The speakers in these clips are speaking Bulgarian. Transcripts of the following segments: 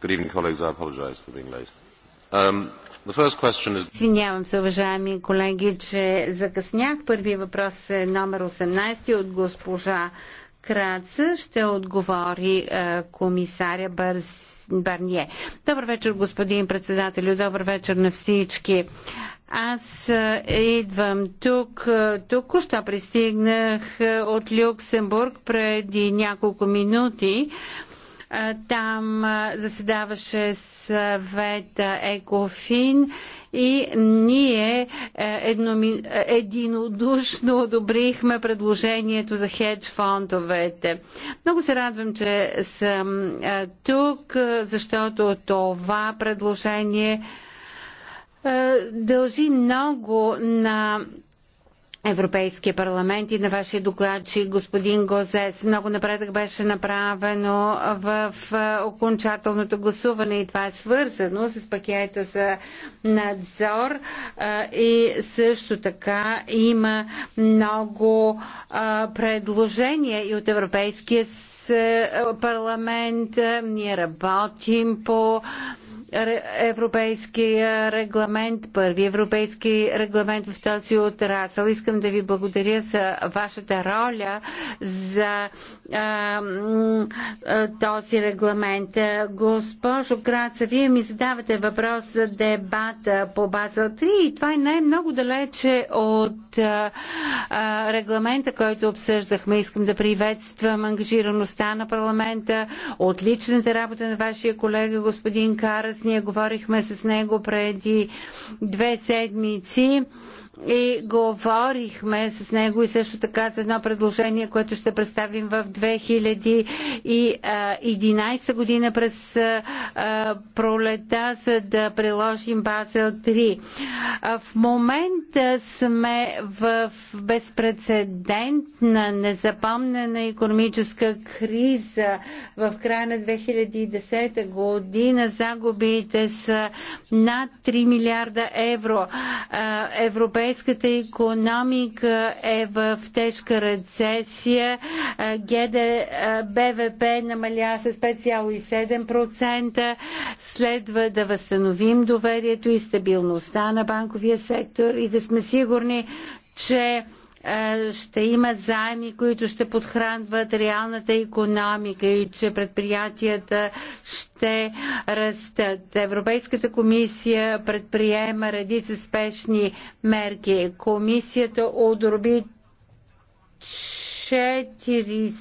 Good evening, colleagues. I apologize for being late. Um, Извинявам is... се, уважаеми колеги, че закъснях. Първият въпрос е номер 18 от госпожа вкратце ще отговори е, комисаря Барние. Добър вечер, господин председател, добър вечер на всички. Аз е, идвам тук. Е, тук що пристигнах е, от Люксембург преди няколко минути. Там заседаваше съвет Екофин и ние е, е, единодушно одобрихме предложението за хедж фондовете. Много се радвам, че съм е, тук, защото това предложение дължи много на Европейския парламент и на вашия докладчик господин Гозес. Много напредък беше направено в окончателното гласуване и това е свързано с пакета за надзор и също така има много предложения и от Европейския парламент. Ние работим по европейския е, регламент, първи европейски регламент в този отрасъл. Искам да ви благодаря за вашата роля за а, е, е, този регламент. Госпожо Граца, вие ми задавате въпрос за дебата по Базел 3 и това е най-много далече от а, регламента, който обсъждахме. Искам да приветствам ангажираността на парламента, отличната работа на вашия колега господин Карас ние говорихме с него преди две седмици и говорихме с него и също така за едно предложение, което ще представим в 2011 година през пролета, за да приложим Базел 3. В момента сме в безпредседентна, незапомнена економическа криза. В края на 2010 година загубите са над 3 милиарда евро. Европейски Европейската економика е в тежка рецесия. ГД БВП намаля с 5,7%. Следва да възстановим доверието и стабилността на банковия сектор и да сме сигурни, че е, ще имат заеми, които ще подхранват реалната економика и че предприятията ще растат. Европейската комисия предприема редица спешни мерки. Комисията одроби 400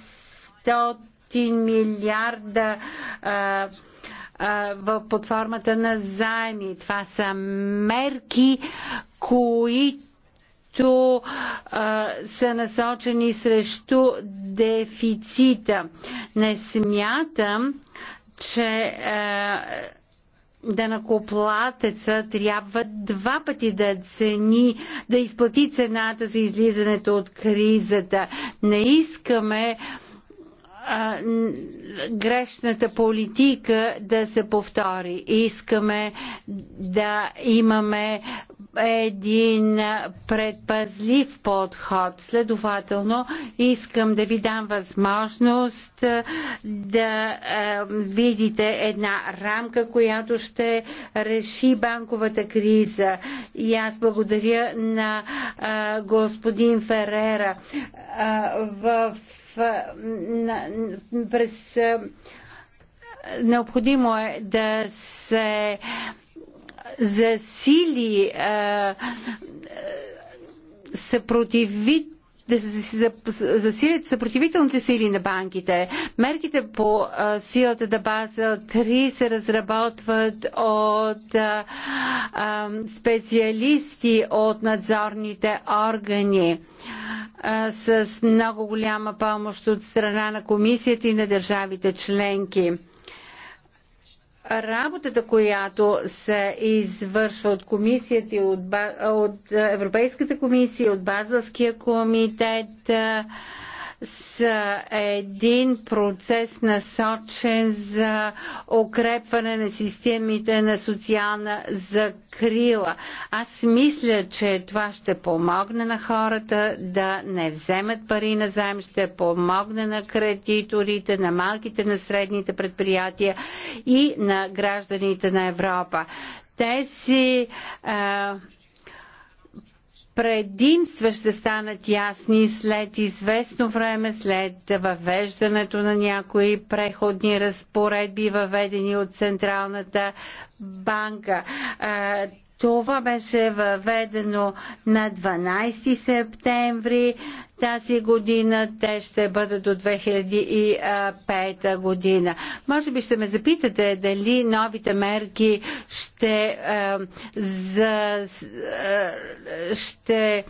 милиарда а, е, е, в под формата на заеми. Това са мерки, които които а, са насочени срещу дефицита. Не смятам, че а, данакоплатеца трябва два пъти да цени, да изплати цената за излизането от кризата. Не искаме а, грешната политика да се повтори. Искаме да имаме един предпазлив подход. Следователно, искам да ви дам възможност да е, видите една рамка, която ще реши банковата криза. И аз благодаря на е, господин Ферера. Е, в през необходимо е да се засили съпротивите да се засилят съпротивителните сили на банките. Мерките по силата да база 3 се разработват от специалисти от надзорните органи с много голяма помощ от страна на комисията и на държавите членки. Работата, която се извършва от комисията и от, от Европейската комисия, от Базълския комитет, са един процес насочен за укрепване на системите на социална закрила. Аз мисля, че това ще помогне на хората да не вземат пари на заем, ще помогне на кредиторите, на малките, на средните предприятия и на гражданите на Европа. Тези а, предимства ще станат ясни след известно време, след въвеждането на някои преходни разпоредби, въведени от Централната банка. Това беше въведено на 12 септември тази година. Те ще бъдат до 2005 година. Може би ще ме запитате дали новите мерки ще, е, за, е, ще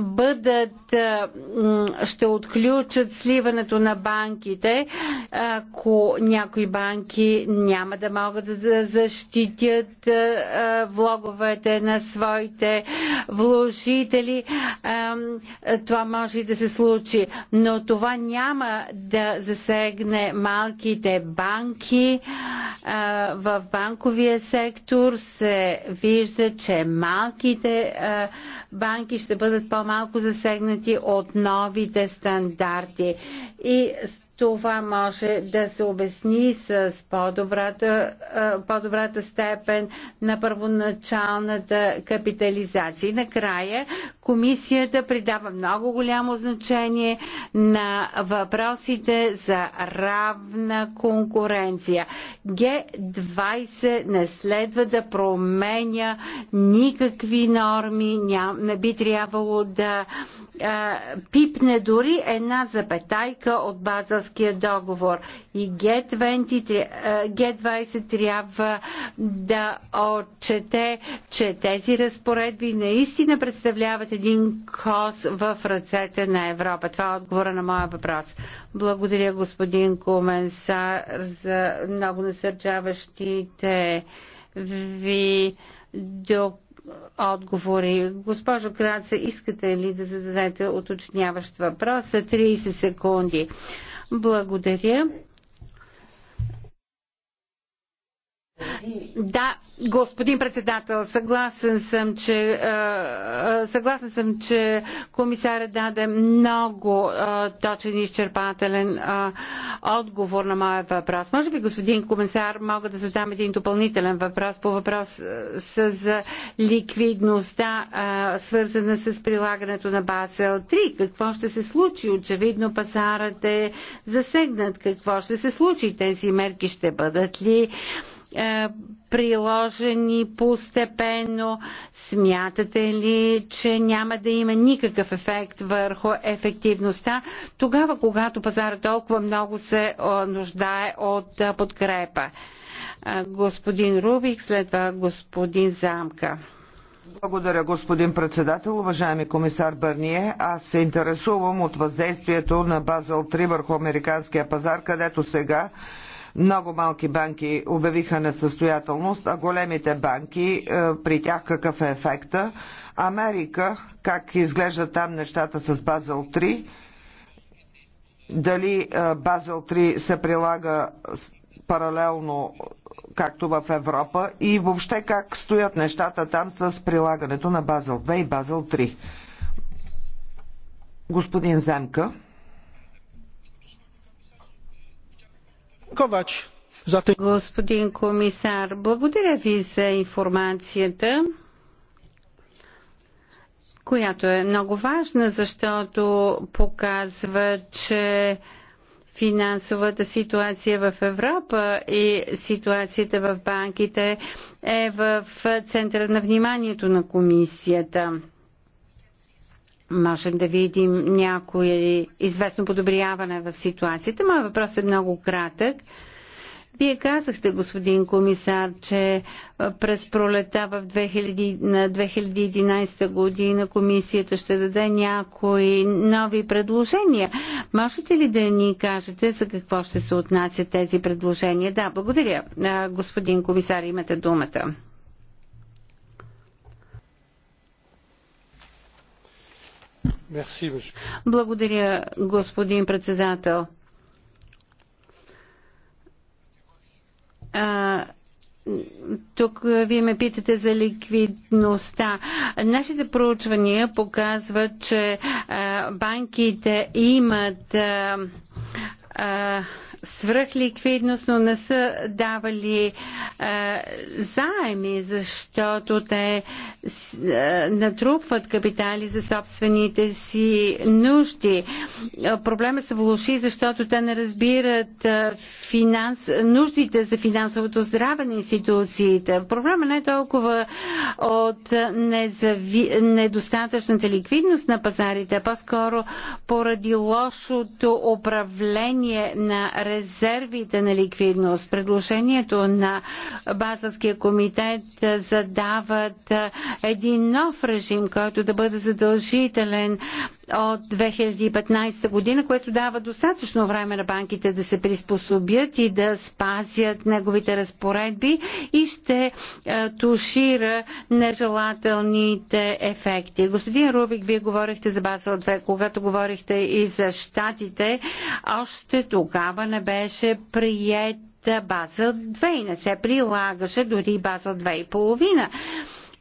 бъдат, ще отключат сливането на банките, ако някои банки няма да могат да защитят влоговете на своите вложители. Това може и да се случи, но това няма да засегне малките банки. В банковия сектор се вижда, че малките банки ще бъдат по по-малко засегнати от новите стандарти. И това може да се обясни с по-добрата, по-добрата степен на първоначалната капитализация. И накрая комисията придава много голямо значение на въпросите за равна конкуренция. Г20 не следва да променя никакви норми, не би трябвало да пипне дори една запетайка от база Варшавския договор. И Г20, 20 трябва да отчете, че тези разпоредби наистина представляват един кос в ръцете на Европа. Това е отговора на моя въпрос. Благодаря, господин Коменсар, за много насърчаващите ви до отговори. Госпожо Краца, искате ли да зададете уточняващ въпрос за 30 секунди? Благодаря. Да, господин председател, съгласен съм, че, е, е, съгласен съм, че комисарът даде много е, точен и изчерпателен отговор на моя въпрос. Може би, господин комисар, мога да задам един допълнителен въпрос по въпрос с, с ликвидността, свързана с прилагането на Базел 3. Какво ще се случи? Очевидно пазарът е засегнат. Какво ще се случи? Тези мерки ще бъдат ли? Е, приложени постепенно? Смятате ли, че няма да има никакъв ефект върху ефективността тогава, когато пазара толкова много се е, нуждае от е, подкрепа? Господин Рубик, след това господин Замка. Благодаря, господин председател. Уважаеми комисар Бърние, аз се интересувам от въздействието на Базел 3 върху американския пазар, където сега много малки банки обявиха несъстоятелност, а големите банки, е, при тях какъв е ефекта? Америка, как изглежда там нещата с Базел 3? Дали е, Базел 3 се прилага паралелно както в Европа и въобще как стоят нещата там с прилагането на Базел 2 и Базел 3. Господин Земка. Ковач. Господин комисар, благодаря ви за информацията която е много важна, защото показва, че финансовата ситуация в Европа и ситуацията в банките е в центъра на вниманието на комисията можем да видим някое известно подобряване в ситуацията. Моят въпрос е много кратък. Вие казахте, господин комисар, че през пролета в 2000, на 2011 година комисията ще даде някои нови предложения. Можете ли да ни кажете за какво ще се отнасят тези предложения? Да, благодаря. Господин комисар, имате думата. Благодаря, господин председател. тук вие ме питате за ликвидността. Нашите проучвания показват, че банките имат а, свръхликвидност, но не са давали а, е, заеми, защото те а, е, натрупват капитали за собствените си нужди. А, е, проблема се влуши, защото те не разбират а, финанс... нуждите за финансовото здраве на институциите. Проблема не е толкова от незави... недостатъчната ликвидност на пазарите, а по-скоро поради лошото управление на ресурсите резервите на ликвидност. Предложението на Базълския комитет задават един нов режим, който да бъде задължителен от 2015 година, което дава достатъчно време на банките да се приспособят и да спазят неговите разпоредби и ще е, тушира нежелателните ефекти. Господин Рубик, вие говорихте за Басел 2, когато говорихте и за щатите, още тогава не беше прият Базел 2 и не се прилагаше дори Базел 2,5.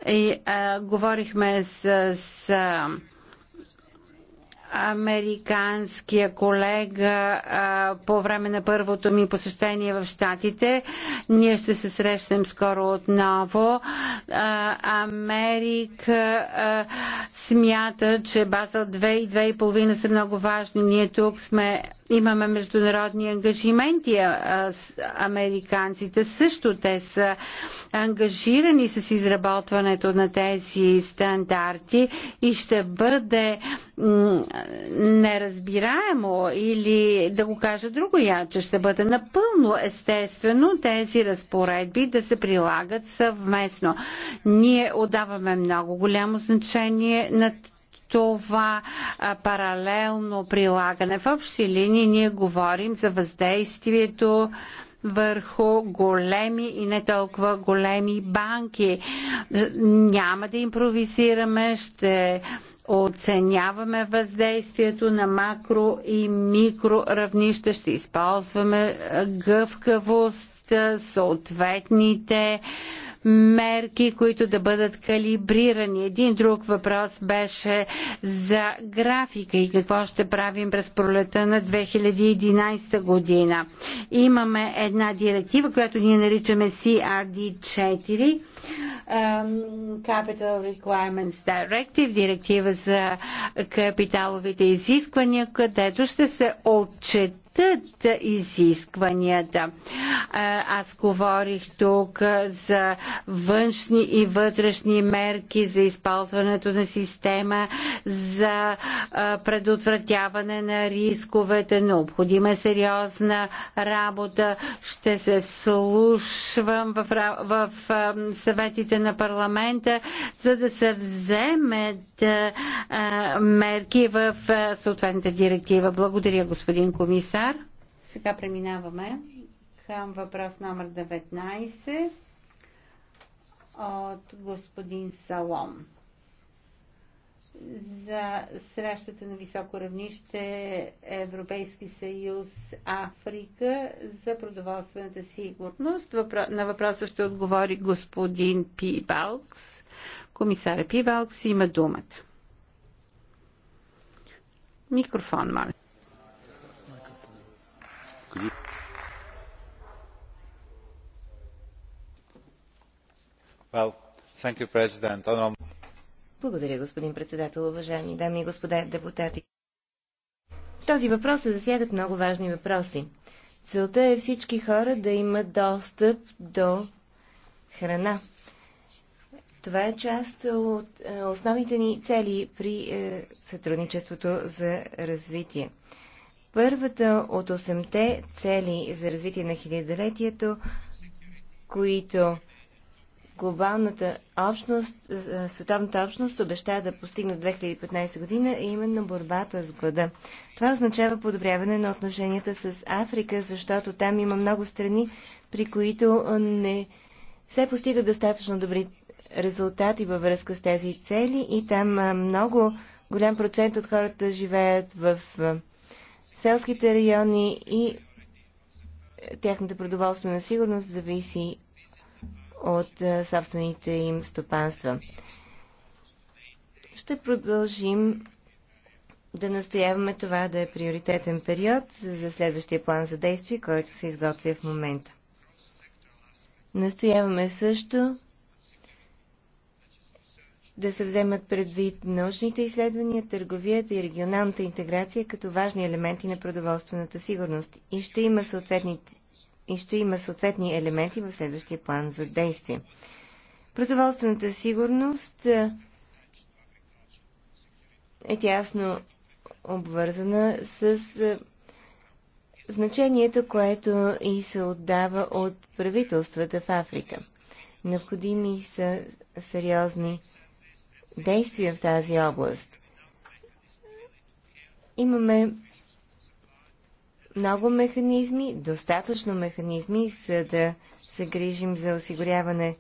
И, а, е, говорихме с, с американския колега а, по време на първото ми посещение в Штатите. Ние ще се срещнем скоро отново. А, Америка а, смята, че база 2 и 2,5 са много важни. Ние тук сме, имаме международни ангажименти. А, с американците също те са ангажирани с изработването на тези стандарти и ще бъде неразбираемо или да го кажа друго яче, ще бъде напълно естествено тези разпоредби да се прилагат съвместно. Ние отдаваме много голямо значение на това а, паралелно прилагане. В общи линии ние говорим за въздействието върху големи и не толкова големи банки. Няма да импровизираме, ще оценяваме въздействието на макро и микро равнища, ще използваме гъвкавост, съответните мерки, които да бъдат калибрирани. Един друг въпрос беше за графика и какво ще правим през пролета на 2011 година. Имаме една директива, която ние наричаме CRD4, Capital Requirements Directive, директива за капиталовите изисквания, където ще се отчете растат изискванията. Аз говорих тук за външни и вътрешни мерки за използването на система за предотвратяване на рисковете. Необходима е сериозна работа. Ще се вслушвам в, в, съветите на парламента, за да се вземат мерки в съответната директива. Благодаря, господин комисар. Сега преминаваме към въпрос номер 19 от господин Салом за срещата на високо равнище Европейски съюз Африка за продоволствената сигурност. На въпроса ще отговори господин Пибалкс. Комисаря Пибалкс има думата. Микрофон, моля. Благодаря, господин председател, уважаеми дами и господа депутати. В този въпрос се засягат много важни въпроси. Целта е всички хора да имат достъп до храна. Това е част от е, основните ни цели при е, сътрудничеството за развитие първата от 8-те цели за развитие на хилядолетието, които глобалната общност, е, е, световната общност обещава да постигне 2015 година е именно борбата с глада. Това означава подобряване на отношенията с Африка, защото там има много страни, при които е, не се постигат достатъчно добри резултати във връзка с тези цели и там много голям процент от хората живеят в селските райони и тяхната продоволствена сигурност зависи от собствените им стопанства. Ще продължим да настояваме това да е приоритетен период за следващия план за действие, който се изготвя в момента. Настояваме също да се вземат предвид научните изследвания, търговията и регионалната интеграция като важни елементи на продоволствената сигурност и ще има съответни, и ще има съответни елементи в следващия план за действие. Продоволствената сигурност е, е тясно обвързана с е, значението, което и се отдава от правителствата в Африка. Необходими са сериозни действия в тази област. Имаме много механизми, достатъчно механизми, за да се грижим за осигуряване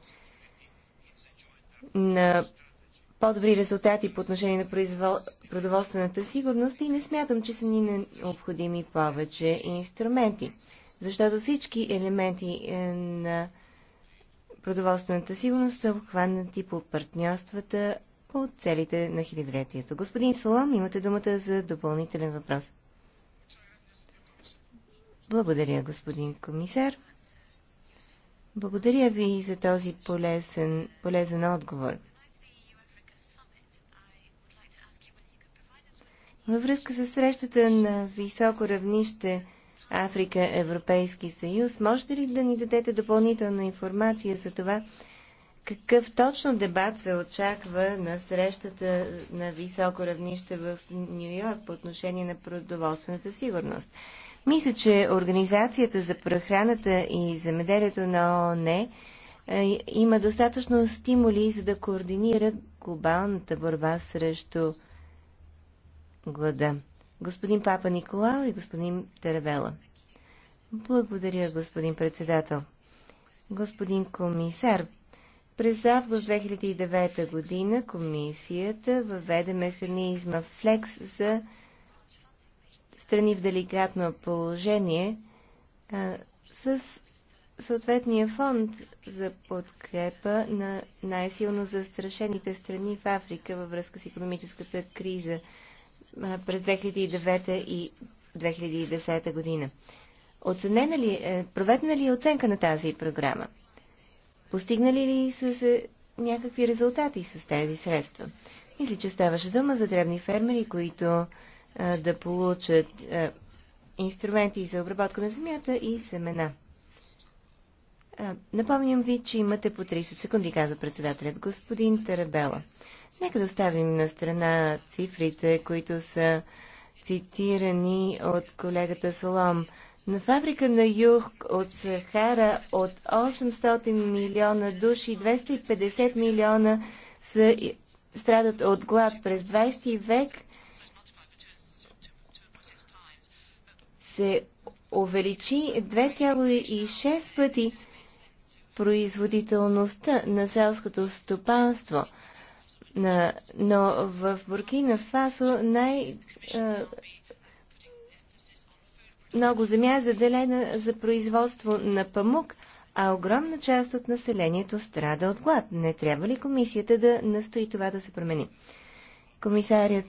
на по-добри резултати по отношение на произвол... продоволствената сигурност и не смятам, че са ни необходими повече инструменти, защото всички елементи е, на продоволствената сигурност са обхванати по партньорствата от целите на хилядолетието. Господин Салам, имате думата за допълнителен въпрос. Благодаря, господин комисар. Благодаря ви за този полезен, полезен отговор. Във връзка с срещата на високо равнище Африка-Европейски съюз, можете ли да ни дадете допълнителна информация за това, какъв точно дебат се очаква на срещата на високо равнище в Нью Йорк по отношение на продоволствената сигурност? Мисля, че Организацията за прехраната и земеделието на ООН е, има достатъчно стимули за да координира глобалната борба срещу глада. Господин Папа Николао и господин Теревела. Благодаря, господин председател. Господин комисар, през август 2009 година комисията въведе механизма ФЛЕКС за страни в деликатно положение а, с съответния фонд за подкрепа на най-силно застрашените страни в Африка във връзка с економическата криза а, през 2009 и 2010 година. Оценена ли, е, проведена ли е оценка на тази програма? Постигнали ли са се някакви резултати с тези средства? Мисля, че ставаше дума за древни фермери, които а, да получат а, инструменти за обработка на земята и семена. А, напомням ви, че имате по 30 секунди, каза председателят господин Тарабела. Нека да оставим на страна цифрите, които са цитирани от колегата Солом. На фабрика на юг от Сахара от 800 милиона души 250 милиона са, страдат от глад през 20 век. Се увеличи 2,6 пъти производителността на селското стопанство. Но в Буркина Фасо най- много земя е заделена за производство на памук, а огромна част от населението страда от глад. Не трябва ли комисията да настои това да се промени? Комисарият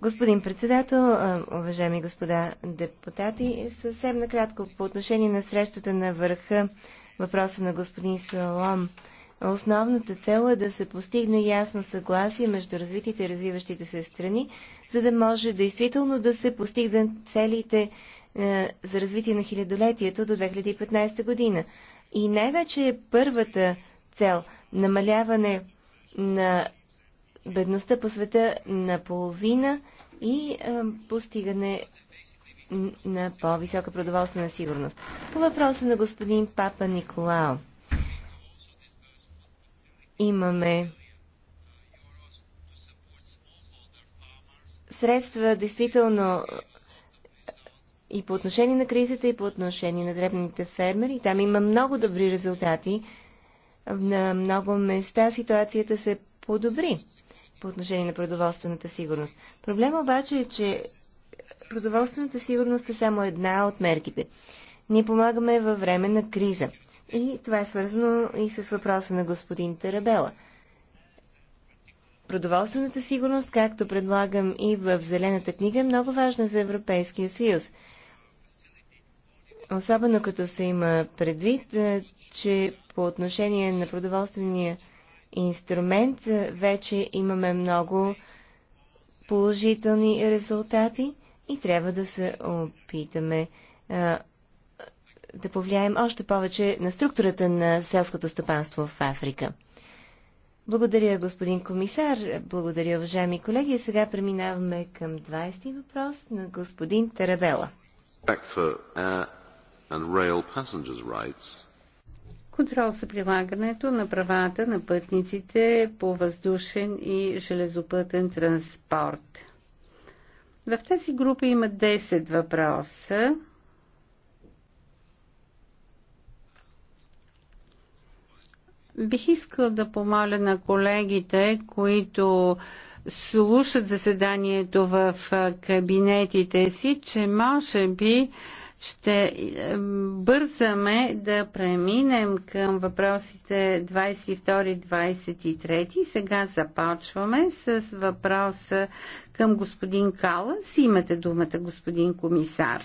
Господин председател, уважаеми господа депутати, съвсем накратко по отношение на срещата на върха, въпроса на господин Салом Основната цел е да се постигне ясно съгласие между развитите и развиващите се страни, за да може действително да се постигнат целите е, за развитие на хилядолетието до 2015 година. И най-вече е първата цел – намаляване на бедността по света наполовина и е, постигане на по-висока продоволствена сигурност. По въпроса на господин Папа Николао – имаме средства действително и по отношение на кризата, и по отношение на дребните фермери. Там има много добри резултати. На много места ситуацията се подобри по отношение на продоволствената сигурност. Проблема обаче е, че продоволствената сигурност е само една от мерките. Ние помагаме във време на криза. И това е свързано и с въпроса на господин Тарабела. Продоволствената сигурност, както предлагам и в Зелената книга, е много важна за Европейския съюз. Особено като се има предвид, е, че по отношение на продоволствения инструмент е, вече имаме много положителни резултати и трябва да се опитаме е, да повлияем още повече на структурата на селското стопанство в Африка. Благодаря, господин комисар. Благодаря, уважаеми колеги. Сега преминаваме към 20-ти въпрос на господин Тарабела. Контрол за прилагането на правата на пътниците по въздушен и железопътен транспорт. В тази група има 10 въпроса. Бих искала да помоля на колегите, които слушат заседанието в кабинетите си, че може би ще бързаме да преминем към въпросите 22-23. Сега започваме с въпроса към господин Калас. Имате думата, господин комисар.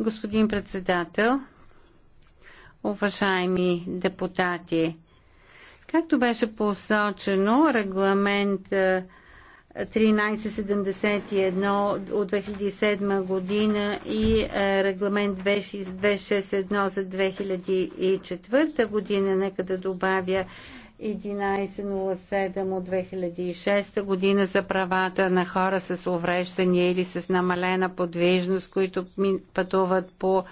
Господин председател, уважаеми депутати. Както беше посочено, регламент 1371 е, от 2007 година и е, регламент 261 за 2004 година, нека да добавя 1107 от 2006 година за правата на хора с увреждания или с намалена подвижност, които пътуват по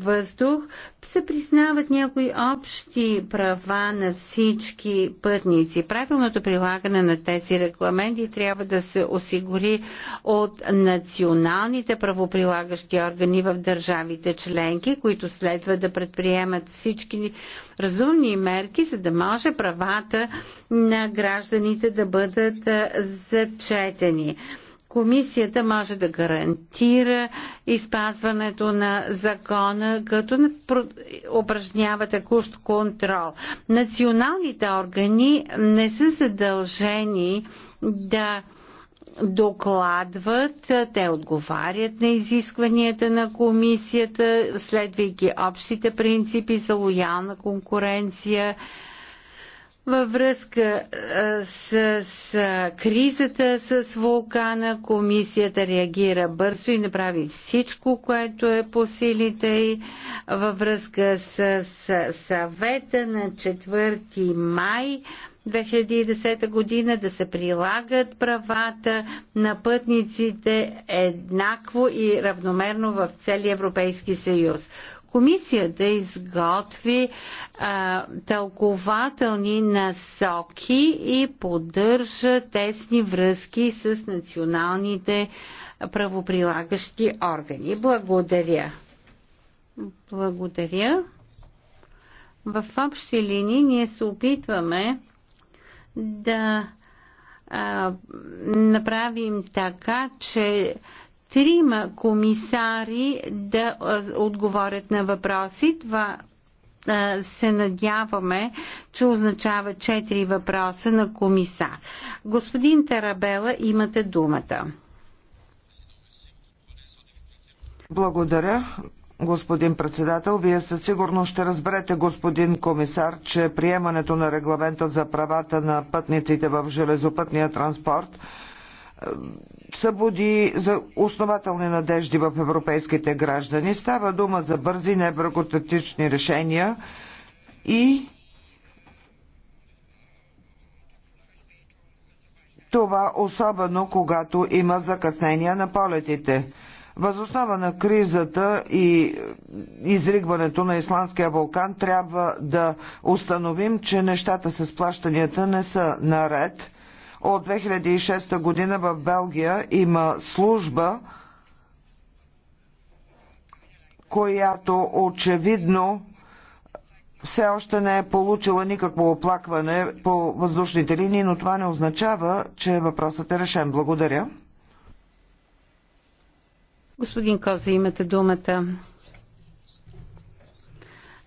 въздух, се признават някои общи права на всички пътници. Правилното прилагане на тези регламенти трябва да се осигури от националните правоприлагащи органи в държавите членки, които следва да предприемат всички разумни мерки, за да може права правата на гражданите да бъдат зачетени. Комисията може да гарантира изпазването на закона, като упражнява текущ контрол. Националните органи не са задължени да докладват, те отговарят на изискванията на комисията, следвайки общите принципи за лоялна конкуренция във връзка с, с кризата с вулкана, комисията реагира бързо и направи всичко, което е по силите й. Във връзка с, с съвета на 4 май 2010 година да се прилагат правата на пътниците еднакво и равномерно в целия Европейски съюз комисията изготви а, тълкователни насоки и поддържа тесни връзки с националните правоприлагащи органи. Благодаря. Благодаря. В общи линии ние се опитваме да а, направим така, че трима комисари да е, отговорят на въпроси. Това е, се надяваме, че означава четири въпроса на комисар. Господин Тарабела, имате думата. Благодаря. Господин председател, вие със сигурност ще разберете, господин комисар, че приемането на регламента за правата на пътниците в железопътния транспорт събуди за основателни надежди в европейските граждани. Става дума за бързи, небюрократични решения и това особено когато има закъснения на полетите. Възоснова на кризата и изригването на Исландския вулкан трябва да установим, че нещата с плащанията не са наред от 2006 година в Белгия има служба, която очевидно все още не е получила никакво оплакване по въздушните линии, но това не означава, че въпросът е решен. Благодаря. Господин Коза, имате думата.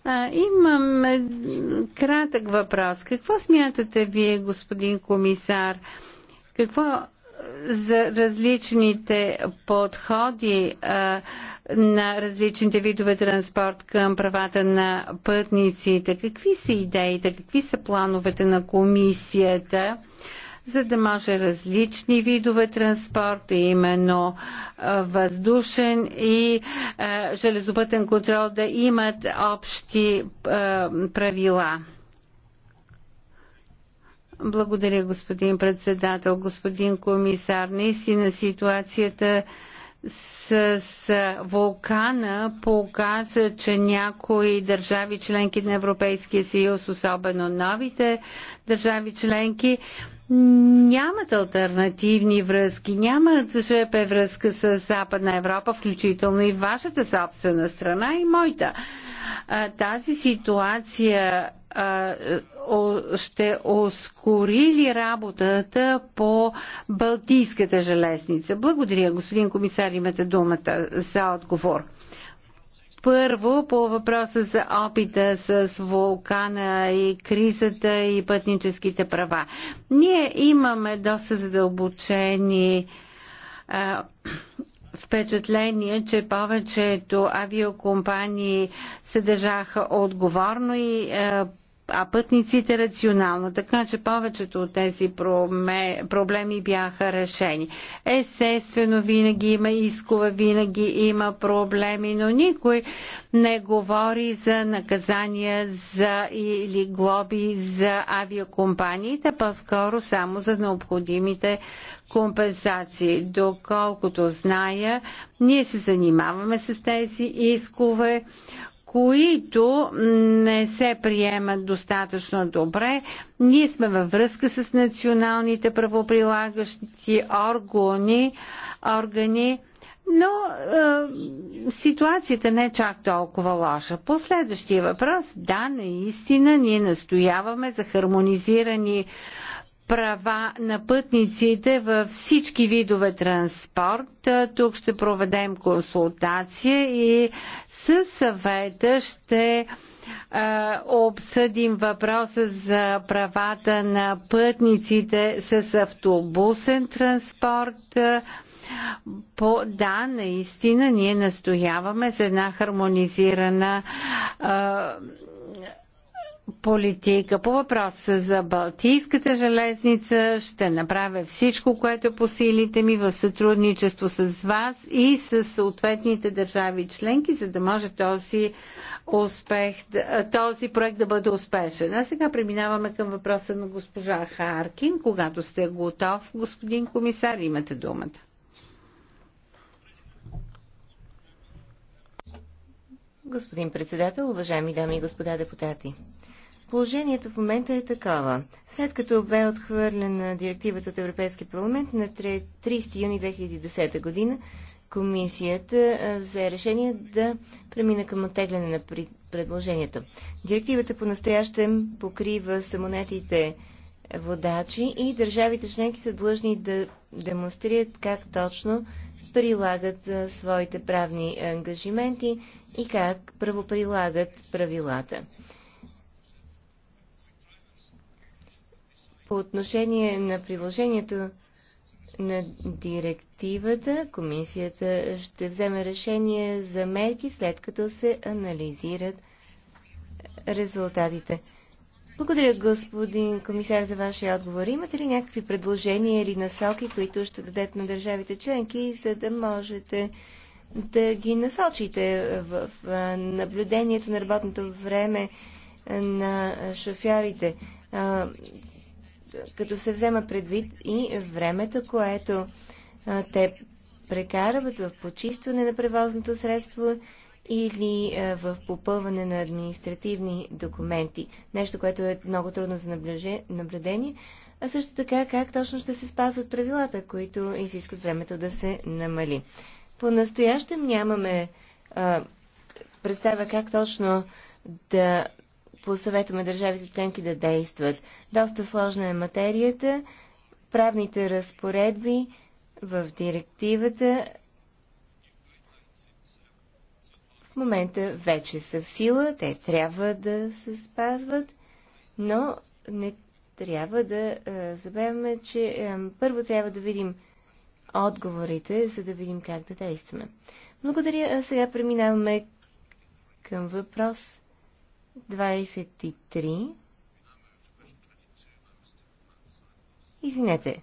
А, имам е, кратък въпрос. Какво смятате вие, господин комисар? Какво е, за различните подходи а, е, на различните видове транспорт към правата на пътниците? Какви са идеите, какви са плановете на комисията? за да може различни видове транспорт, именно въздушен и железопътен контрол да имат общи правила. Благодаря, господин председател, господин комисар. Наистина ситуацията с, с вулкана показа, че някои държави членки на Европейския съюз, особено новите държави членки, нямат альтернативни връзки, нямат ЖП връзка с Западна Европа, включително и вашата собствена страна и моята. Тази ситуация ще ускори ли работата по Балтийската железница? Благодаря, господин комисар, имате думата за отговор. Първо, по въпроса за опита с вулкана и кризата и пътническите права. Ние имаме доста задълбочени а, впечатление, че повечето авиокомпании се държаха отговорно и а, а пътниците рационално. Така че повечето от тези проблеми бяха решени. Естествено, винаги има искове, винаги има проблеми, но никой не говори за наказания за или глоби за авиакомпаниите, по-скоро само за необходимите компенсации. Доколкото зная, ние се занимаваме с тези искове които не се приемат достатъчно добре. Ние сме във връзка с националните правоприлагащи органи, органи но е, ситуацията не е чак толкова лоша. Последващия въпрос, да, наистина, ние настояваме за хармонизирани права на пътниците във всички видове транспорт. Тук ще проведем консултация и със съвета ще е, обсъдим въпроса за правата на пътниците с автобусен транспорт. По, да, наистина ние настояваме за една хармонизирана а, е, политика. По въпроса за Балтийската железница ще направя всичко, което е по силите ми в сътрудничество с вас и с съответните държави членки, за да може този успех, този проект да бъде успешен. А сега преминаваме към въпроса на госпожа Харкин. Когато сте готов, господин комисар, имате думата. Господин председател, уважаеми дами и господа депутати, Положението в момента е такова. След като бе отхвърлена директивата от Европейския парламент на 30 юни 2010 година, комисията взе решение да премина към оттегляне на предложението. Директивата по настоящем покрива самонетите водачи и държавите членки са длъжни да демонстрират как точно прилагат своите правни ангажименти и как правоприлагат правилата. По отношение на приложението на директивата, комисията ще вземе решение за мерки, след като се анализират резултатите. Благодаря, господин комисар, за вашия отговор. Имате ли някакви предложения или насоки, които ще дадете на държавите членки, за да можете да ги насочите в наблюдението на работното време на шофьорите? като се взема предвид и времето, което а, те прекарват в почистване на превозното средство или а, в попълване на административни документи. Нещо, което е много трудно за наблюдение. А също така, как точно ще се спазват правилата, които изискват времето да се намали. По-настоящем нямаме а, представа как точно да посъветваме държавите членки да действат. Доста сложна е материята. Правните разпоредби в директивата в момента вече са в сила. Те трябва да се спазват, но не трябва да забравяме, че първо трябва да видим отговорите, за да видим как да действаме. Благодаря. А сега преминаваме към въпрос 23. Извинете,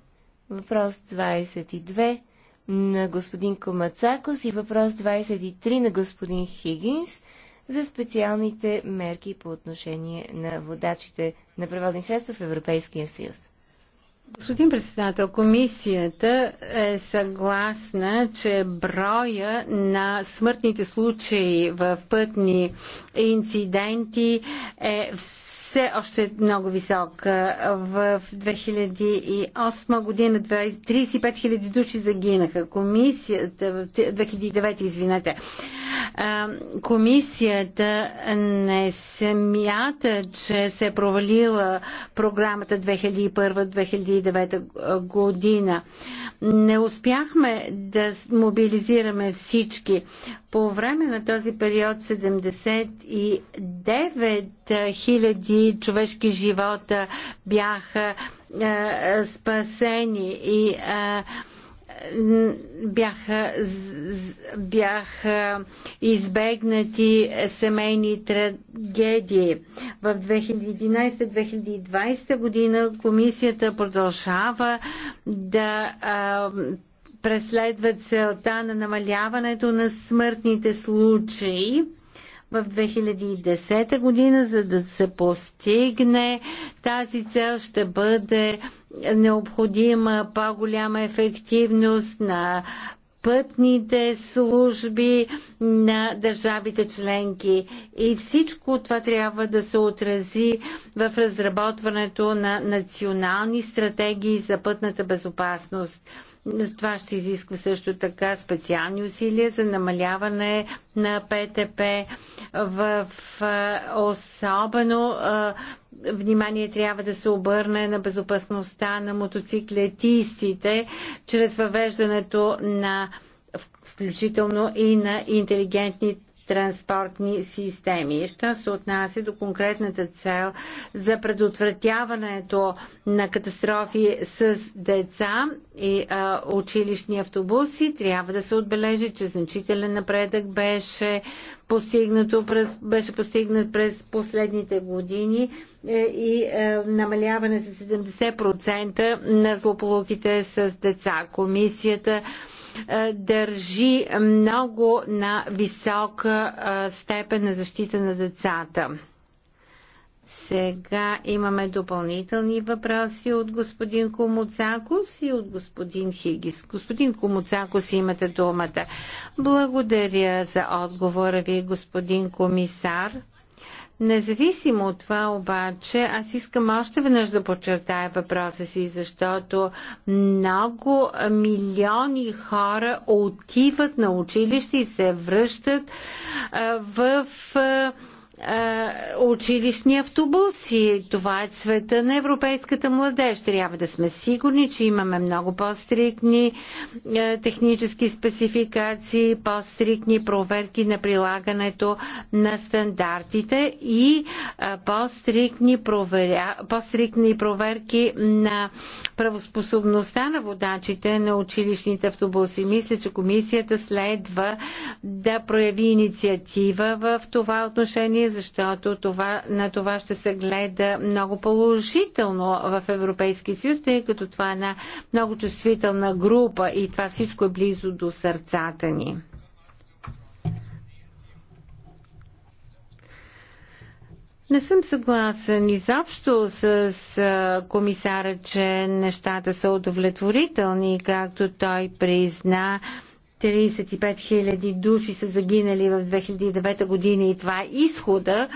въпрос 22 на господин Комацакос и въпрос 23 на господин Хигинс за специалните мерки по отношение на водачите на превозни средства в Европейския съюз. Господин председател, комисията е съгласна, че броя на смъртните случаи в пътни инциденти е все още много висок. В 2008 година 35 000 души загинаха. Комисията в 2009, извинете, комисията не смята, че се е провалила програмата 2001-2009 година. Не успяхме да мобилизираме всички. По време на този период 79 000 човешки живота бяха спасени и бяха, бяха избегнати семейни трагедии. В 2011-2020 година комисията продължава да а, преследва целта на намаляването на смъртните случаи в 2010 година, за да се постигне тази цел ще бъде необходима по-голяма ефективност на пътните служби на държавите членки. И всичко това трябва да се отрази в разработването на национални стратегии за пътната безопасност. Това ще изисква също така специални усилия за намаляване на ПТП в особено внимание трябва да се обърне на безопасността на мотоциклетистите чрез въвеждането на включително и на интелигентни транспортни системи. Що се отнася до конкретната цел за предотвратяването на катастрофи с деца и а, училищни автобуси, трябва да се отбележи, че значителен напредък беше постигнато през, беше постигнат през последните години е, и е, намаляване за 70% на злополуките с деца. Комисията е, държи много на висока е, степен на защита на децата. Сега имаме допълнителни въпроси от господин Комуцакос и от господин Хигис. Господин Комуцакос, имате думата. Благодаря за отговора ви, господин комисар. Независимо от това обаче, аз искам още веднъж да подчертая въпроса си, защото много милиони хора отиват на училище и се връщат в училищни автобуси. Това е цвета на европейската младеж. Трябва да сме сигурни, че имаме много по-стрикни технически спецификации, по-стрикни проверки на прилагането на стандартите и по-стрикни, проверя... по-стрикни проверки на правоспособността на водачите на училищните автобуси. Мисля, че комисията следва да прояви инициатива в това отношение, защото това, на това ще се гледа много положително в Европейския съюз, тъй като това е една много чувствителна група и това всичко е близо до сърцата ни. Не съм съгласен изобщо с комисара, че нещата са удовлетворителни, както той призна. А, 35 000 души са загинали в 2009 година и това е изхода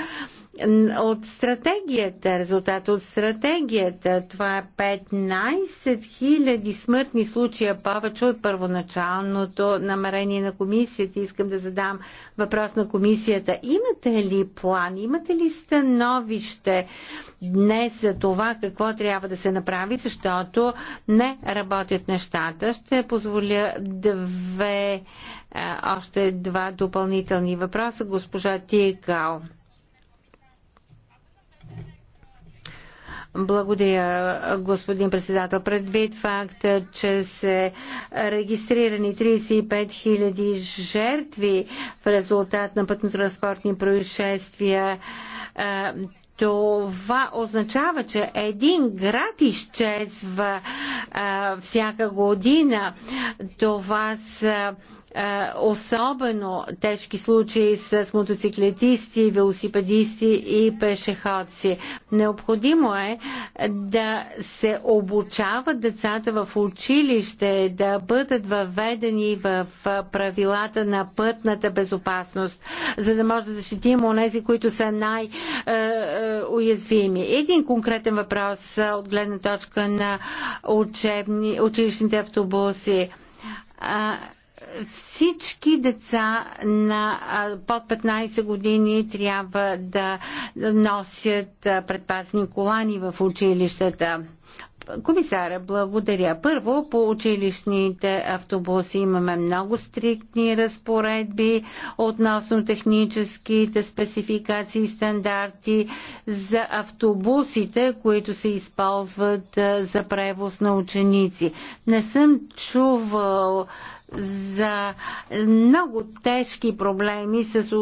от стратегията, резултат от стратегията. Това е 15 000 смъртни случая повече от първоначалното намерение на комисията. Искам да задам въпрос на комисията. Имате ли план, имате ли становище днес за това какво трябва да се направи, защото не работят нещата? Ще позволя две, още два допълнителни въпроса. Госпожа Тикал. Благодаря, господин председател. Предвид факта, че се регистрирани 35 000 жертви в резултат на пътно-транспортни происшествия, това означава, че един град изчезва а, всяка година. Това са е, особено тежки случаи с мотоциклетисти, велосипедисти и пешеходци. Необходимо е да се обучават децата в училище, да бъдат въведени в правилата на пътната безопасност, за да може да защитим онези, които са най-уязвими. Един конкретен въпрос от гледна точка на учебни, училищните автобуси всички деца на под 15 години трябва да носят предпазни колани в училищата. Комисара, благодаря. Първо, по училищните автобуси имаме много стриктни разпоредби относно техническите спецификации и стандарти за автобусите, които се използват за превоз на ученици. Не съм чувал за много тежки проблеми с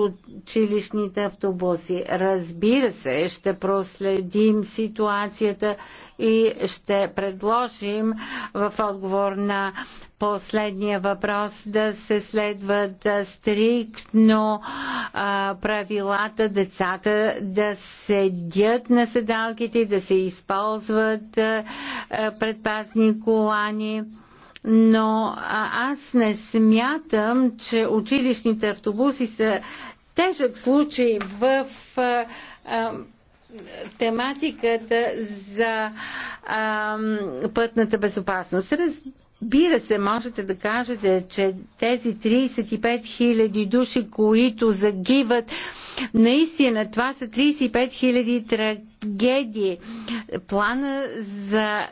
училищните автобуси. Разбира се, ще проследим ситуацията и ще предложим в отговор на последния въпрос да се следват стриктно а, правилата децата да седят на седалките да се използват а, предпазни колани но аз не смятам, че училищните автобуси са тежък случай в а, а, тематиката за а, пътната безопасност. Разбира се, можете да кажете, че тези 35 000 души, които загиват Наистина, това са 35 000 трагедии. Плана за е,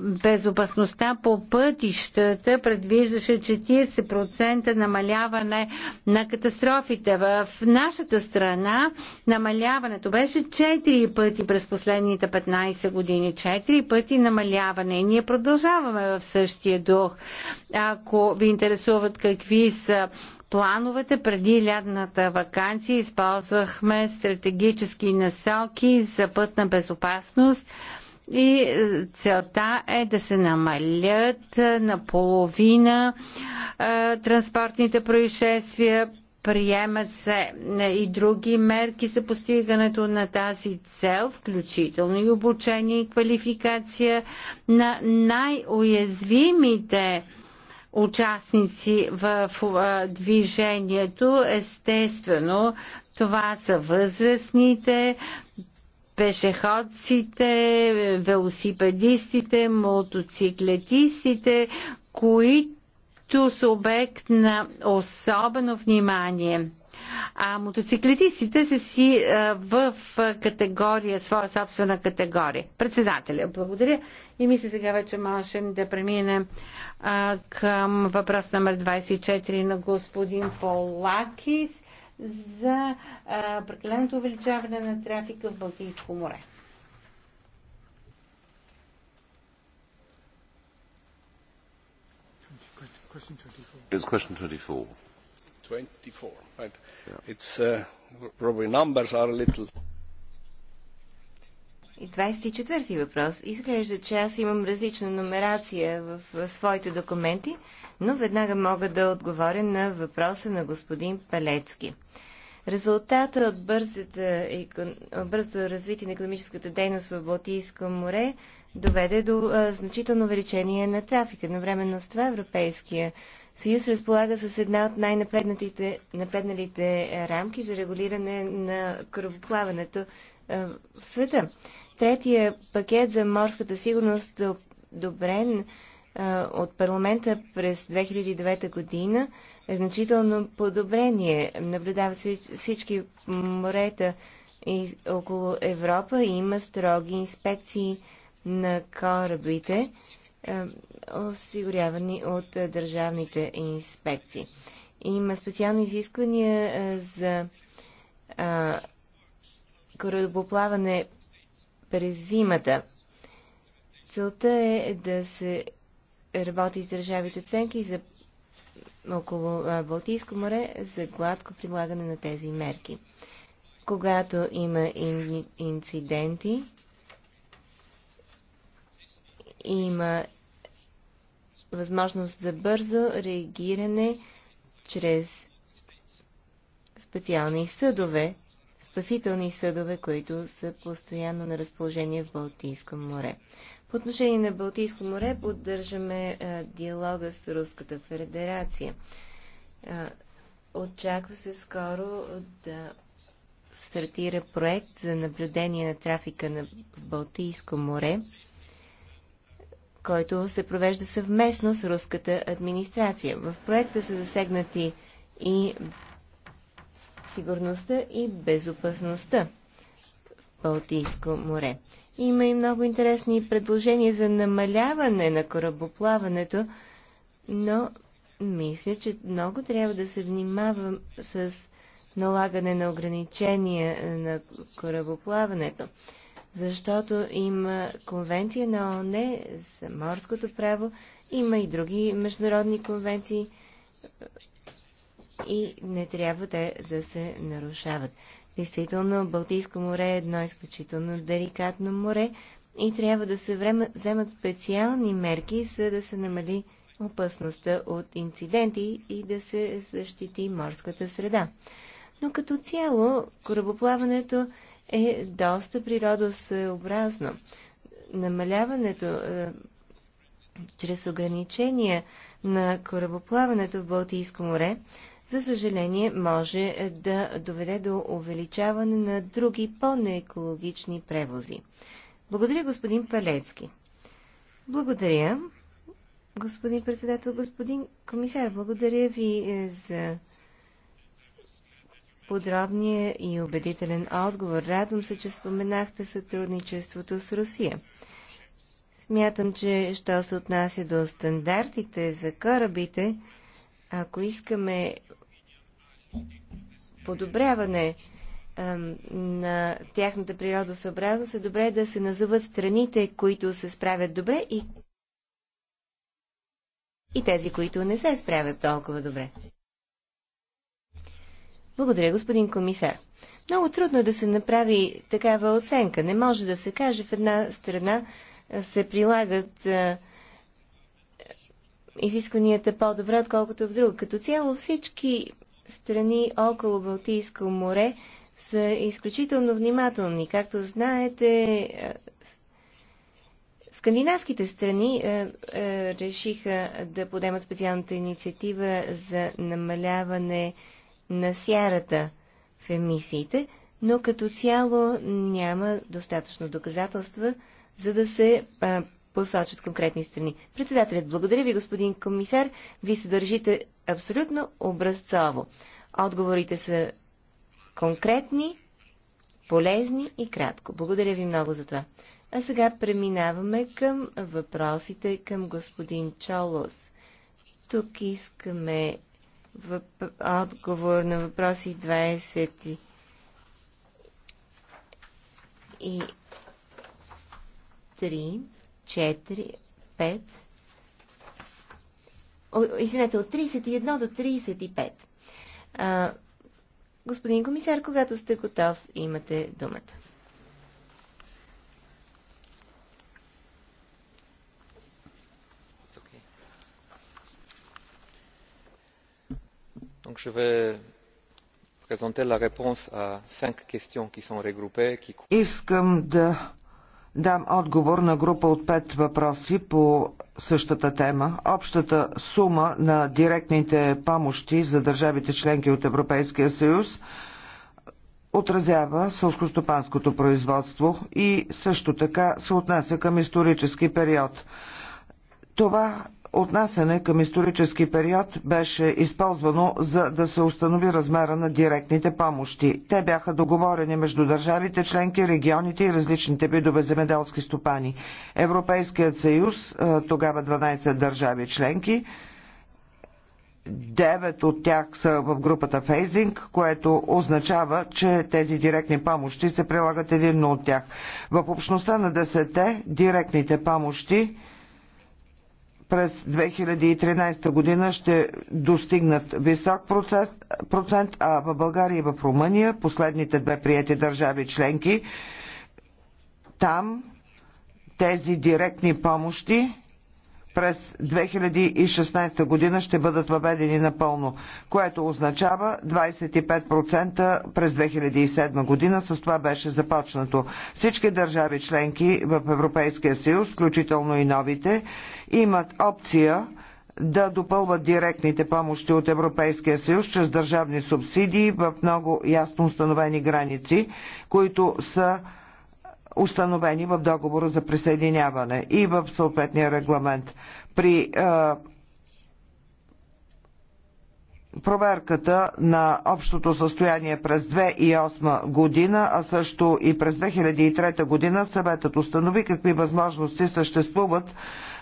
безопасността по пътищата предвиждаше 40% намаляване на катастрофите. В нашата страна намаляването беше 4 пъти през последните 15 години. 4 пъти намаляване. И ние продължаваме в същия дух. Ако ви интересуват какви са плановете преди лядната вакансия използвахме стратегически насоки за пътна безопасност и е, целта е да се намалят е, наполовина е, транспортните происшествия. Приемат се и други мерки за постигането на тази цел, включително и обучение и квалификация на най-уязвимите участници в движението. Естествено, това са възрастните, пешеходците, велосипедистите, мотоциклетистите, които са обект на особено внимание. А мотоциклетистите са си в категория, своя собствена категория. Председателя, благодаря. И мисля сега вече можем да преминем а, към въпрос номер 24 на господин Полакис за прекаленото увеличаване на трафика в Балтийско море. It's question 24. 24. Right. It's uh, probably numbers are a little. И 24-ти въпрос. Изглежда, че аз имам различна номерация в, своите документи, но веднага мога да отговоря на въпроса на господин Палецки. Резултата от бързата, бързото развитие на економическата дейност в Балтийско море доведе до а, значително увеличение на трафика. Едновременно с това Европейския Съюз разполага с една от най-напредналите е, рамки за регулиране на кръвоплаването е, в света. Третия пакет за морската сигурност, добрен е, от парламента през 2009 година, е значително подобрение. Наблюдава се всички морета и около Европа и има строги инспекции на корабите. Е, осигурявани от е, държавните инспекции. Има специални изисквания е, за корабоплаване през зимата. Целта е да се работи с държавите ценки за около Балтийско море за гладко прилагане на тези мерки. Когато има инциденти, има възможност за бързо реагиране чрез специални съдове, спасителни съдове, които са постоянно на разположение в Балтийско море. По отношение на Балтийско море поддържаме диалога с Руската федерация. очаква се скоро да стартира проект за наблюдение на трафика на, в Балтийско море който се провежда съвместно с руската администрация. В проекта са засегнати и сигурността и безопасността в Балтийско море. Има и много интересни предложения за намаляване на корабоплаването, но мисля, че много трябва да се внимава с налагане на ограничения на корабоплаването защото има конвенция на ООН за морското право, има и други международни конвенции и не трябва те да се нарушават. Действително, Балтийско море е едно изключително деликатно море и трябва да се вземат специални мерки, за да се намали опасността от инциденти и да се защити морската среда. Но като цяло, корабоплаването е доста природосъобразно. Намаляването е, чрез ограничения на корабоплаването в Балтийско море, за съжаление, може да доведе до увеличаване на други по-неекологични превози. Благодаря, господин Палецки. Благодаря, господин председател, господин комисар. Благодаря ви е, за подробния и убедителен отговор. Радвам се, че споменахте сътрудничеството с Русия. Смятам, че що се отнася до стандартите за корабите, ако искаме подобряване на тяхната природосъобразност, е добре да се назоват страните, които се справят добре и, и тези, които не се справят толкова добре. Благодаря, господин комисар. Много трудно е да се направи такава оценка. Не може да се каже в една страна се прилагат а, изискванията по-добре, отколкото в друга. Като цяло всички страни около Балтийско море са изключително внимателни. Както знаете, скандинавските страни решиха да подемат специалната инициатива за намаляване на сярата в емисиите, но като цяло няма достатъчно доказателства, за да се а, посочат конкретни страни. Председателят, благодаря ви, господин комисар. Ви се държите абсолютно образцово. Отговорите са конкретни, полезни и кратко. Благодаря ви много за това. А сега преминаваме към въпросите към господин Чолос. Тук искаме въп... отговор на въпроси 20 и... и 3, 4, 5. О, извинете, от 31 до 35. А, господин комисар, когато сте готов, имате думата. je vais présenter la réponse à cinq questions qui sont regroupées. Qui... Искам да дам отговор на група от пет въпроси по същата тема. Общата сума на директните помощи за държавите членки от Европейския съюз отразява сълскостопанското производство и също така се отнася към исторически период. Това отнасяне към исторически период беше използвано за да се установи размера на директните помощи. Те бяха договорени между държавите, членки, регионите и различните видове земеделски стопани. Европейският съюз, е, тогава 12 държави членки, 9 от тях са в групата фейзинг, което означава, че тези директни помощи се прилагат единно от тях. В общността на 10 директните помощи през 2013 година ще достигнат висок процес, процент, а в България и в Румъния, последните две прияти държави членки, там тези директни помощи през 2016 година ще бъдат въведени напълно, което означава 25% през 2007 година. С това беше започнато. Всички държави членки в Европейския съюз, включително и новите, имат опция да допълват директните помощи от Европейския съюз чрез държавни субсидии в много ясно установени граници, които са установени в договора за присъединяване и в съответния регламент. При а, е, проверката на общото състояние през 2008 година, а също и през 2003 година, съветът установи какви възможности съществуват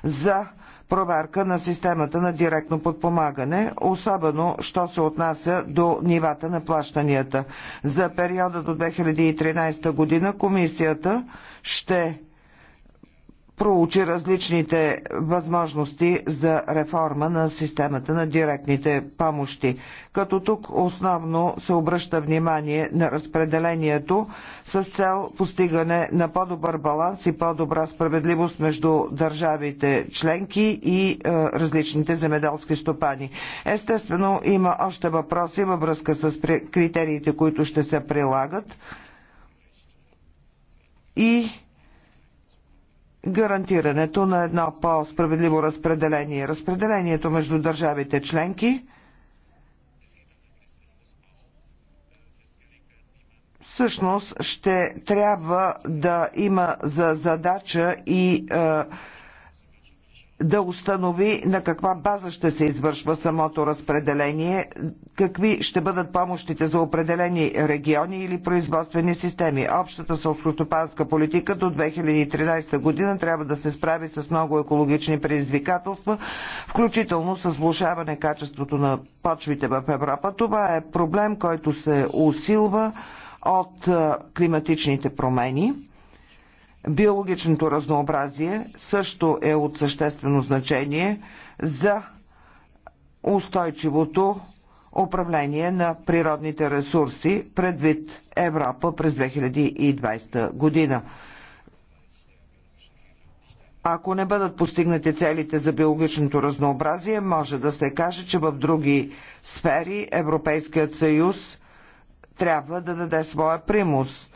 за проверка на системата на директно подпомагане, особено що се отнася до нивата на плащанията. За периода до 2013 година комисията ще проучи различните възможности за реформа на системата на директните помощи, като тук основно се обръща внимание на разпределението с цел постигане на по-добър баланс и по-добра справедливост между държавите членки и е, различните земеделски стопани. Естествено, има още въпроси във връзка с критериите, които ще се прилагат и гарантирането на едно по-справедливо разпределение. Разпределението между държавите членки всъщност ще трябва да има за задача и е, да установи на каква база ще се извършва самото разпределение, какви ще бъдат помощите за определени региони или производствени системи. Общата селскостопанска политика до 2013 година трябва да се справи с много екологични предизвикателства, включително с влушаване качеството на почвите в Европа. Това е проблем, който се усилва от климатичните промени. Биологичното разнообразие също е от съществено значение за устойчивото управление на природните ресурси предвид Европа през 2020 година. Ако не бъдат постигнати целите за биологичното разнообразие, може да се каже, че в други сфери Европейският съюз трябва да даде своя примус.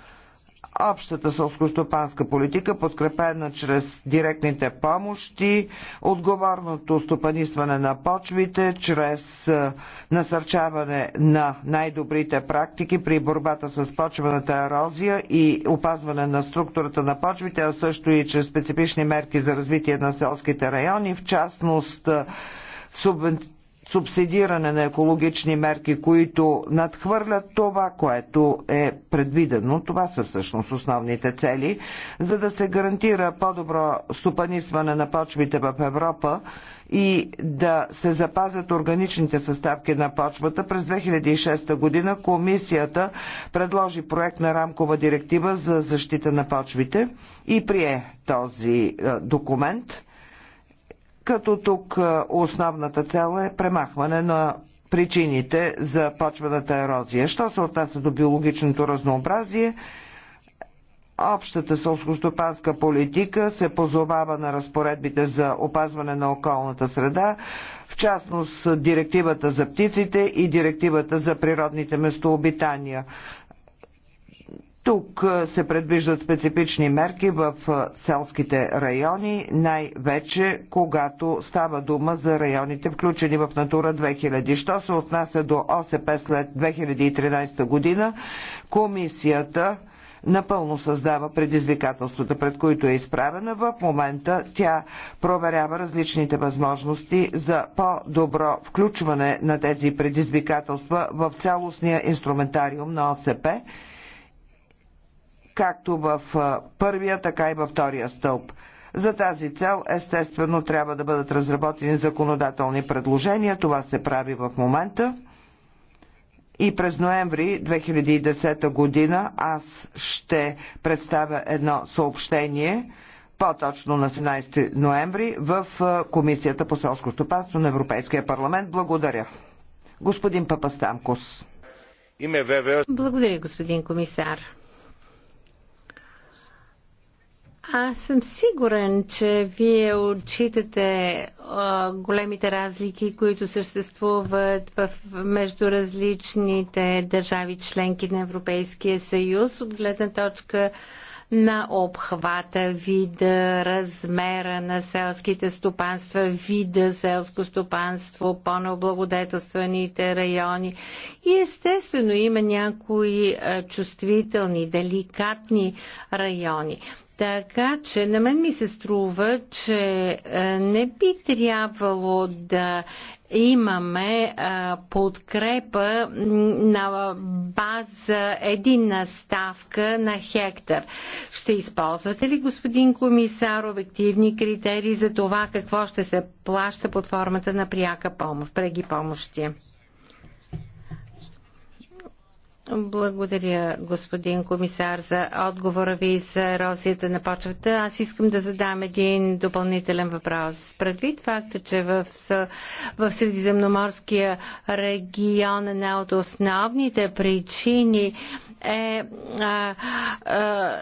Общата сълскостопанска политика, подкрепена чрез директните помощи, отговорното стопанисване на почвите, чрез насърчаване на най-добрите практики при борбата с почвената ерозия и опазване на структурата на почвите, а също и чрез специфични мерки за развитие на селските райони, в частност субвенци субсидиране на екологични мерки, които надхвърлят това, което е предвидено. Това са всъщност основните цели. За да се гарантира по-добро стопанисване на почвите в Европа, и да се запазят органичните съставки на почвата, през 2006 година комисията предложи проект на рамкова директива за защита на почвите и прие този е, документ като тук основната цел е премахване на причините за почвената ерозия. Що се отнася до биологичното разнообразие, Общата сълскостопанска политика се позовава на разпоредбите за опазване на околната среда, в частност директивата за птиците и директивата за природните местообитания. Тук се предвиждат специфични мерки в селските райони, най-вече когато става дума за районите включени в Натура 2000. Що се отнася до ОСП след 2013 година, комисията напълно създава предизвикателствата, пред които е изправена. В момента тя проверява различните възможности за по-добро включване на тези предизвикателства в цялостния инструментариум на ОСП както в първия, така и във втория стълб. За тази цел, естествено, трябва да бъдат разработени законодателни предложения. Това се прави в момента. И през ноември 2010 година аз ще представя едно съобщение, по-точно на 17 ноември, в Комисията по селско стопанство на Европейския парламент. Благодаря. Господин Папастамкос. Благодаря, господин комисар. Аз съм сигурен, че вие отчитате а, големите разлики, които съществуват в, между различните държави членки на Европейския съюз от гледна точка на обхвата, вида, размера на селските стопанства, вида селско стопанство, по-необлагодетелстваните райони. И естествено има някои чувствителни, деликатни райони. Така че на мен ми се струва, че е, не би трябвало да имаме е, подкрепа на база един ставка на хектар. Ще използвате ли, господин комисар, обективни критерии за това какво ще се плаща под формата на пряка помощ, преги помощи? Благодаря, господин комисар, за отговора ви за ерозията на почвата. Аз искам да задам един допълнителен въпрос. Предвид факта, че в, в Средиземноморския регион една от основните причини е а, а,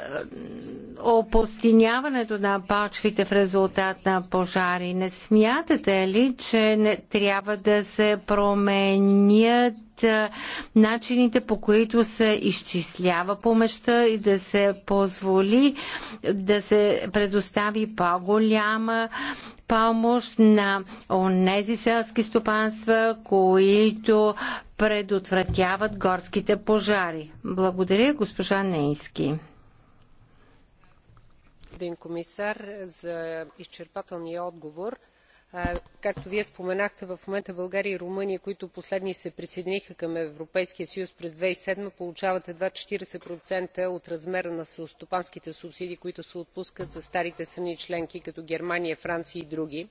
опостиняването на почвите в резултат на пожари. Не смятате ли, че не трябва да се променят начините по които се изчислява помеща и да се позволи да се предостави по-голяма помощ на онези селски стопанства, които предотвратяват горските пожари. Благодаря, госпожа Нейски. Господин комисар, за изчерпателния отговор както вие споменахте в момента българя и румъния които последни се присъединиха към европейския съюз през две хиляди и получават едва четиридесет от размера на селскостопанските субсидии които се отпускат за старите страни членки като германия франция и други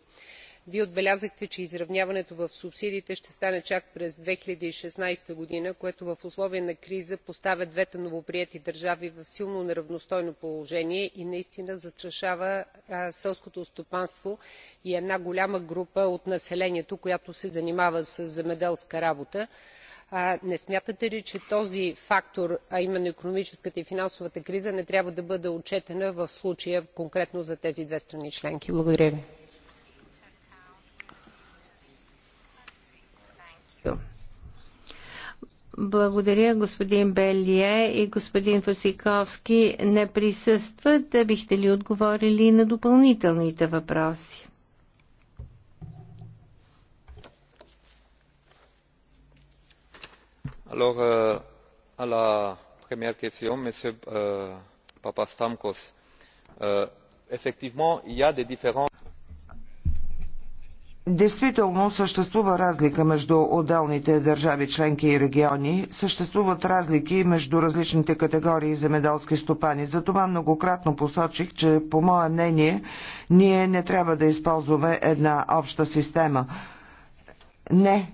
вие отбелязахте че изравняването в субсидиите ще стане чак през две хиляди и шестнадесета година което в условия на криза поставя двете новоприети държави в силно неравностойно положение и наистина застрашава селското стопанство и една голяма група от населението която се занимава със земеделска работа. не смятате ли че този фактор а именно икономическата и финансовата криза не трябва да бъде отчетена в случая конкретно за тези две страни членки? благодаря ви. място. Благодаря господин Белие и господин Фосиковски. Не присъстват. Да бихте ли отговорили на допълнителните въпроси? Alors, euh, à la première question, Monsieur euh, Papastamkos, euh, effectivement, il y a des différences Действително съществува разлика между отделните държави, членки и региони, съществуват разлики между различните категории земеделски стопани. Затова многократно посочих, че по мое мнение ние не трябва да използваме една обща система. Не.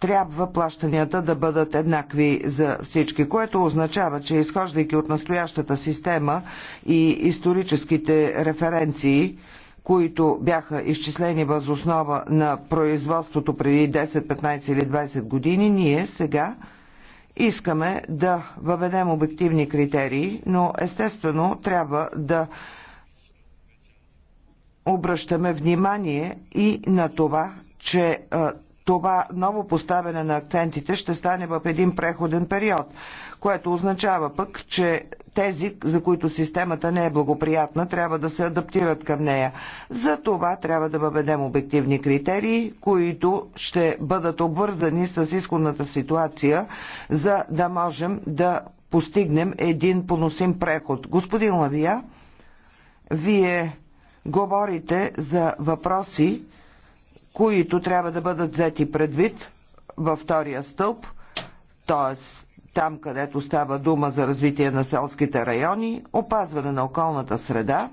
Трябва плащанията да бъдат еднакви за всички, което означава, че изхождайки от настоящата система и историческите референции, които бяха изчислени въз основа на производството преди 10, 15 или 20 години, ние сега искаме да въведем обективни критерии, но естествено трябва да обръщаме внимание и на това, че а, това ново поставяне на акцентите ще стане в един преходен период, което означава пък, че тези, за които системата не е благоприятна, трябва да се адаптират към нея. За това трябва да въведем обективни критерии, които ще бъдат обвързани с изходната ситуация, за да можем да постигнем един поносим преход. Господин Лавия, вие говорите за въпроси, които трябва да бъдат взети предвид във втория стълб, т.е. там, където става дума за развитие на селските райони, опазване на околната среда,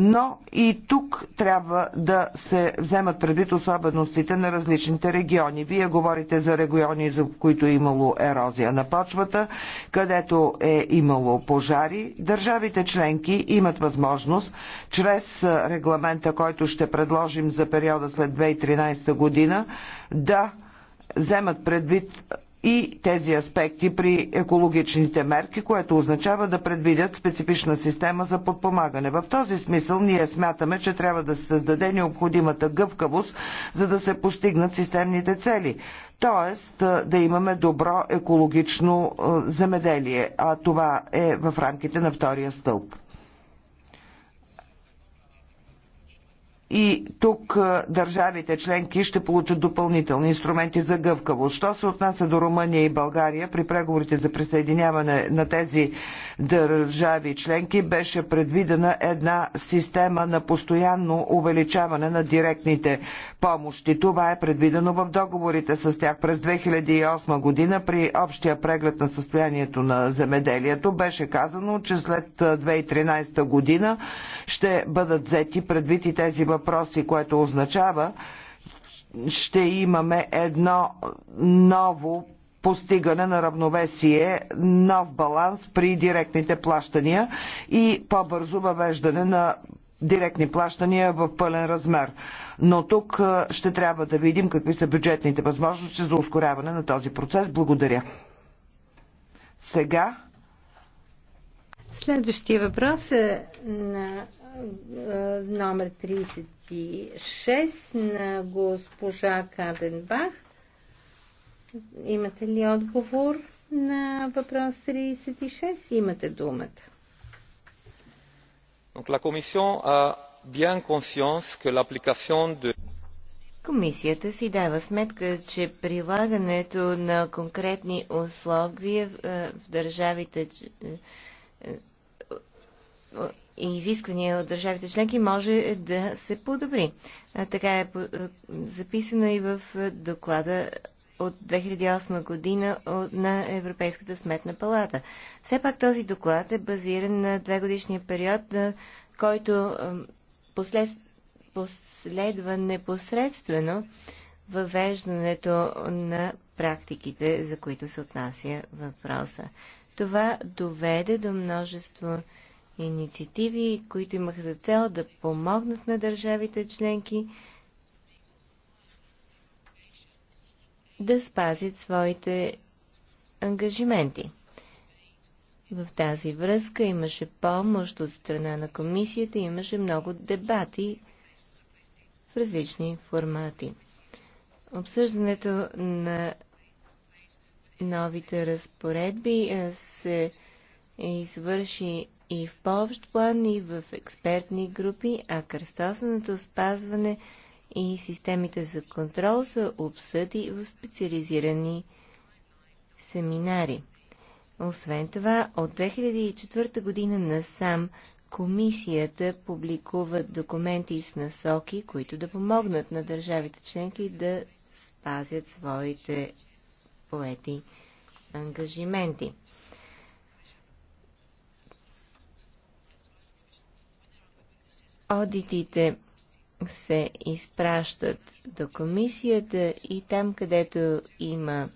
но и тук трябва да се вземат предвид особеностите на различните региони. Вие говорите за региони, за които е имало ерозия на почвата, където е имало пожари. Държавите членки имат възможност чрез регламента, който ще предложим за периода след 2013 година, да вземат предвид и тези аспекти при екологичните мерки, което означава да предвидят специфична система за подпомагане. В този смисъл ние смятаме, че трябва да се създаде необходимата гъвкавост, за да се постигнат системните цели. Тоест да имаме добро екологично земеделие, а това е в рамките на втория стълб. и тук държавите членки ще получат допълнителни инструменти за гъвкавост. Що се отнася до Румъния и България, при преговорите за присъединяване на тези държави членки беше предвидена една система на постоянно увеличаване на директните помощи. Това е предвидено в договорите с тях през 2008 година при общия преглед на състоянието на земеделието. Беше казано, че след 2013 година ще бъдат взети предвид и тези въпроси, което означава, ще имаме едно ново постигане на равновесие, нов баланс при директните плащания и по-бързо въвеждане на директни плащания в пълен размер. Но тук ще трябва да видим какви са бюджетните възможности за ускоряване на този процес. Благодаря. Сега. Следващия въпрос е на номер 36 на госпожа Каденбах Имате ли отговор на въпрос 36? Имате думата. Donc la Commission a bien conscience que l'application de Комисията си дава сметка, че прилагането на конкретни условия в е, държавите и е, е, изисквания от държавите членки може да се подобри. Така е записано и в доклада от 2008 година на Европейската сметна палата. Все пак този доклад е базиран на две годишния период, който послед... последва непосредствено въвеждането на практиките, за които се отнася въпроса. Това доведе до множество инициативи, които имаха за цел да помогнат на държавите членки да спазят своите ангажименти. В тази връзка имаше помощ от страна на комисията, имаше много дебати в различни формати. Обсъждането на новите разпоредби се извърши и в по-общ план, и в експертни групи, а кръстосаното спазване – и системите за контрол са обсъди в специализирани семинари. Освен това, от 2004 година насам комисията публикува документи с насоки, които да помогнат на държавите членки да спазят своите поети ангажименти. Одитите се изпращат до комисията и там, където има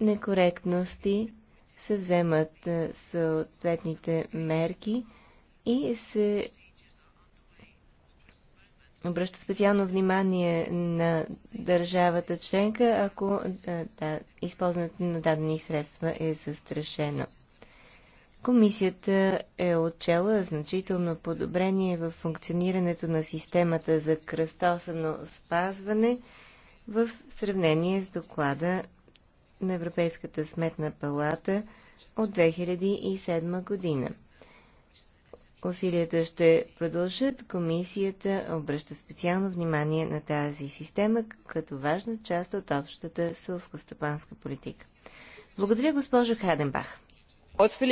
некоректности, се вземат съответните мерки и се обръща специално внимание на държавата членка, ако да, използването на дадени средства е застрашено. Комисията е отчела значително подобрение в функционирането на системата за кръстосано спазване в сравнение с доклада на Европейската сметна палата от 2007 година. Усилията ще продължат. Комисията обръща специално внимание на тази система като важна част от общата сълско-стопанска политика. Благодаря, госпожо Хаденбах.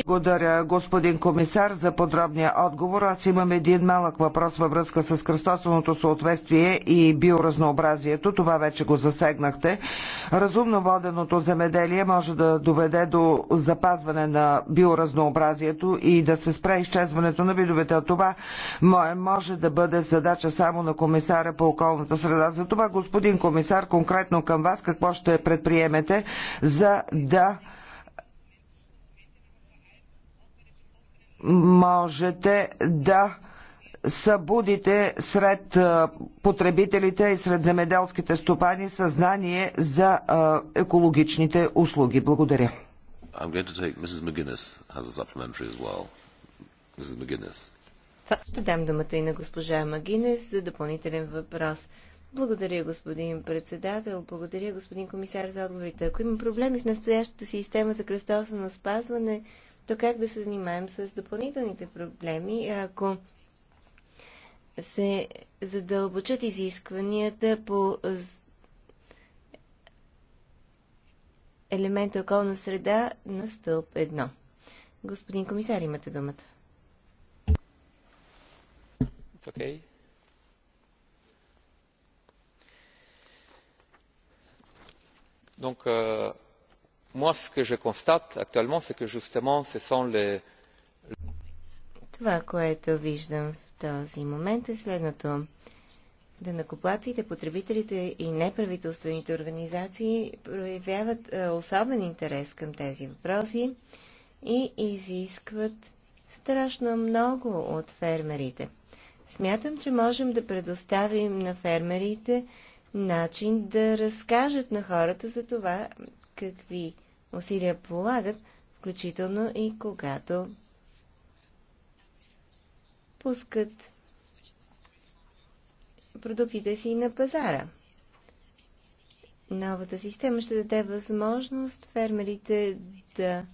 Благодаря, господин комисар, за подробния отговор. Аз имам един малък въпрос във връзка с кръстосаното съответствие и биоразнообразието. Това вече го засегнахте. Разумно воденото земеделие може да доведе до запазване на биоразнообразието и да се спре изчезването на видовете. А това може да бъде задача само на комисара по околната среда. За това, господин комисар, конкретно към вас, какво ще предприемете, за да можете да събудите сред потребителите и сред земеделските стопани съзнание за екологичните услуги. Благодаря. I'm going to take Mrs. McGuinness a supplementary as well. Mrs. McGuinness. Ще дам думата и на госпожа Магинес за допълнителен въпрос. Благодаря, господин председател. Благодаря, господин комисар, за отговорите. Ако има проблеми в настоящата система за кръстосано спазване, то как да се занимаем с допълнителните проблеми, ако се задълбочат изискванията по елемента околна среда на стълб 1. Господин комисар, имате думата. It's okay. Donc, euh, ce que je constate actuellement, c'est que justement, ce sont les... Това, което виждам в този момент е следното. Данакоплаците, потребителите и неправителствените организации проявяват е, особен интерес към тези въпроси и изискват страшно много от фермерите. Смятам, че можем да предоставим на фермерите начин да разкажат на хората за това, какви усилия полагат, включително и когато пускат продуктите си на пазара. Новата система ще даде възможност фермерите да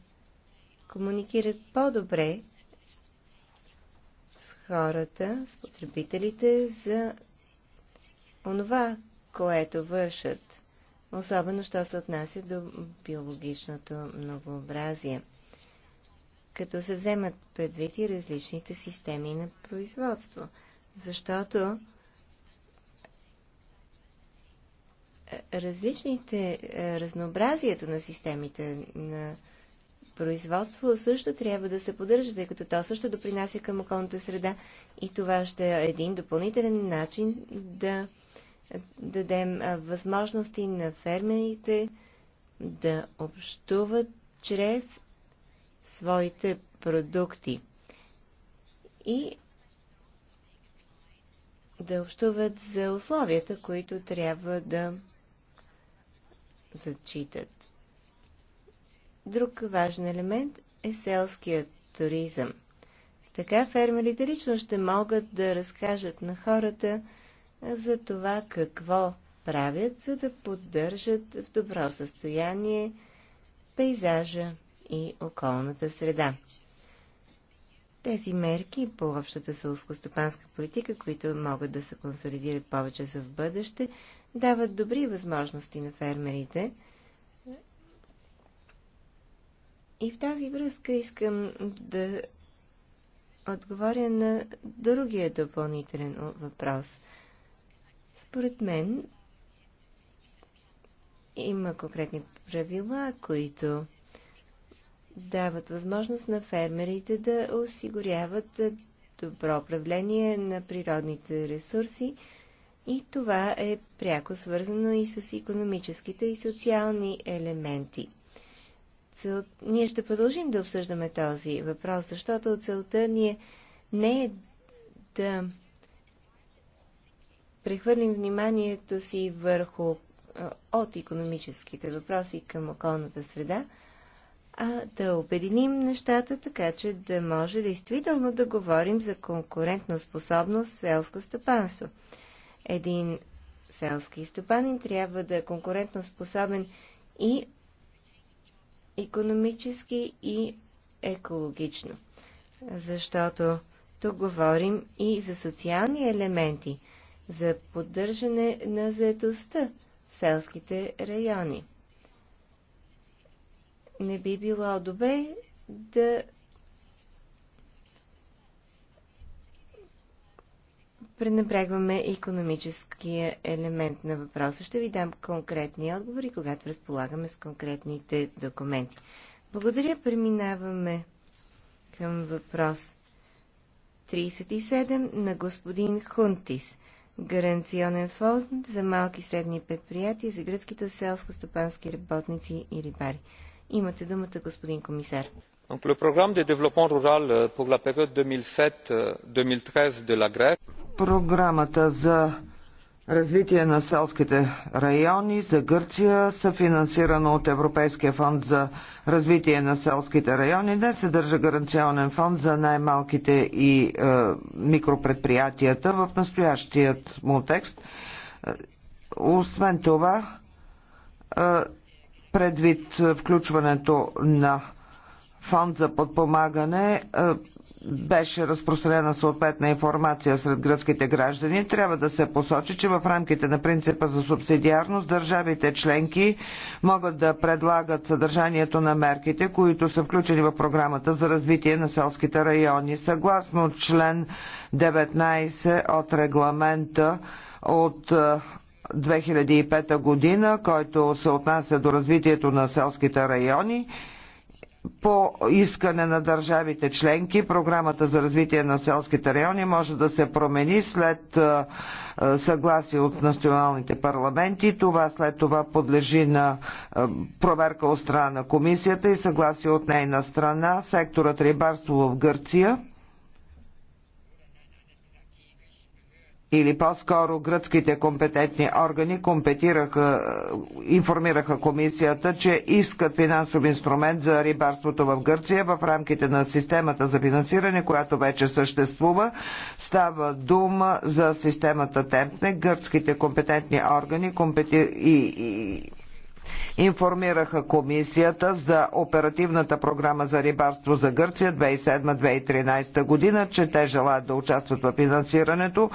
комуникират по-добре с хората, с потребителите за онова, което вършат особено що се отнася до биологичното многообразие, като се вземат предвид и различните системи на производство, защото е, различните, е, разнообразието на системите на производство също трябва да се поддържа, тъй като то също допринася към околната среда и това ще е един допълнителен начин да дадем възможности на фермерите да общуват чрез своите продукти и да общуват за условията, които трябва да зачитат. Друг важен елемент е селският туризъм. Така фермерите лично ще могат да разкажат на хората за това какво правят, за да поддържат в добро състояние пейзажа и околната среда. Тези мерки по общата сълскостопанска политика, които могат да се консолидират повече за в бъдеще, дават добри възможности на фермерите. И в тази връзка искам да отговоря на другия допълнителен въпрос – според мен има конкретни правила, които дават възможност на фермерите да осигуряват добро управление на природните ресурси и това е пряко свързано и с економическите и социални елементи. Цел... Ние ще продължим да обсъждаме този въпрос, защото целта ни е не е да прехвърлим вниманието си върху от економическите въпроси към околната среда, а да обединим нещата така, че да може действително да говорим за конкурентна способност селско стопанство. Един селски стопанин трябва да е конкурентно способен и економически, и екологично. Защото тук говорим и за социални елементи – за поддържане на заедостта в селските райони. Не би било добре да пренебрегваме економическия елемент на въпроса. Ще ви дам конкретни отговори, когато разполагаме с конкретните документи. Благодаря. Преминаваме към въпрос 37 на господин Хунтис – гаранционен фонд за малки и средни предприятия за гръцките селско-стопански работници и рибари. Имате думата, господин комисар. Donc, le programme de développement rural euh, pour la période 2007-2013 euh, de la Grèce. Програмата за развитие на селските райони за Гърция, са финансирано от Европейския фонд за развитие на селските райони. Днес се държа гаранционен фонд за най-малките и е, микропредприятията в настоящият му текст. Е, освен това, е, предвид включването на фонд за подпомагане, е, беше разпространена съответна информация сред гръцките граждани, трябва да се посочи, че в рамките на принципа за субсидиарност държавите членки могат да предлагат съдържанието на мерките, които са включени в програмата за развитие на селските райони. Съгласно член 19 от регламента от 2005 е, година, който се отнася до развитието на селските райони, по искане на държавите членки програмата за развитие на селските райони може да се промени след е, е, съгласие от националните парламенти. Това след това подлежи на е, проверка от страна на комисията и съгласие от нейна страна. Секторът рибарство в Гърция или по-скоро гръцките компетентни органи компетираха, информираха комисията, че искат финансов инструмент за рибарството в Гърция в рамките на системата за финансиране, която вече съществува. Става дума за системата Темпне. Гръцките компетентни органи компети... и, и, информираха комисията за оперативната програма за рибарство за Гърция 2007-2013 година, че те желаят да участват в финансирането.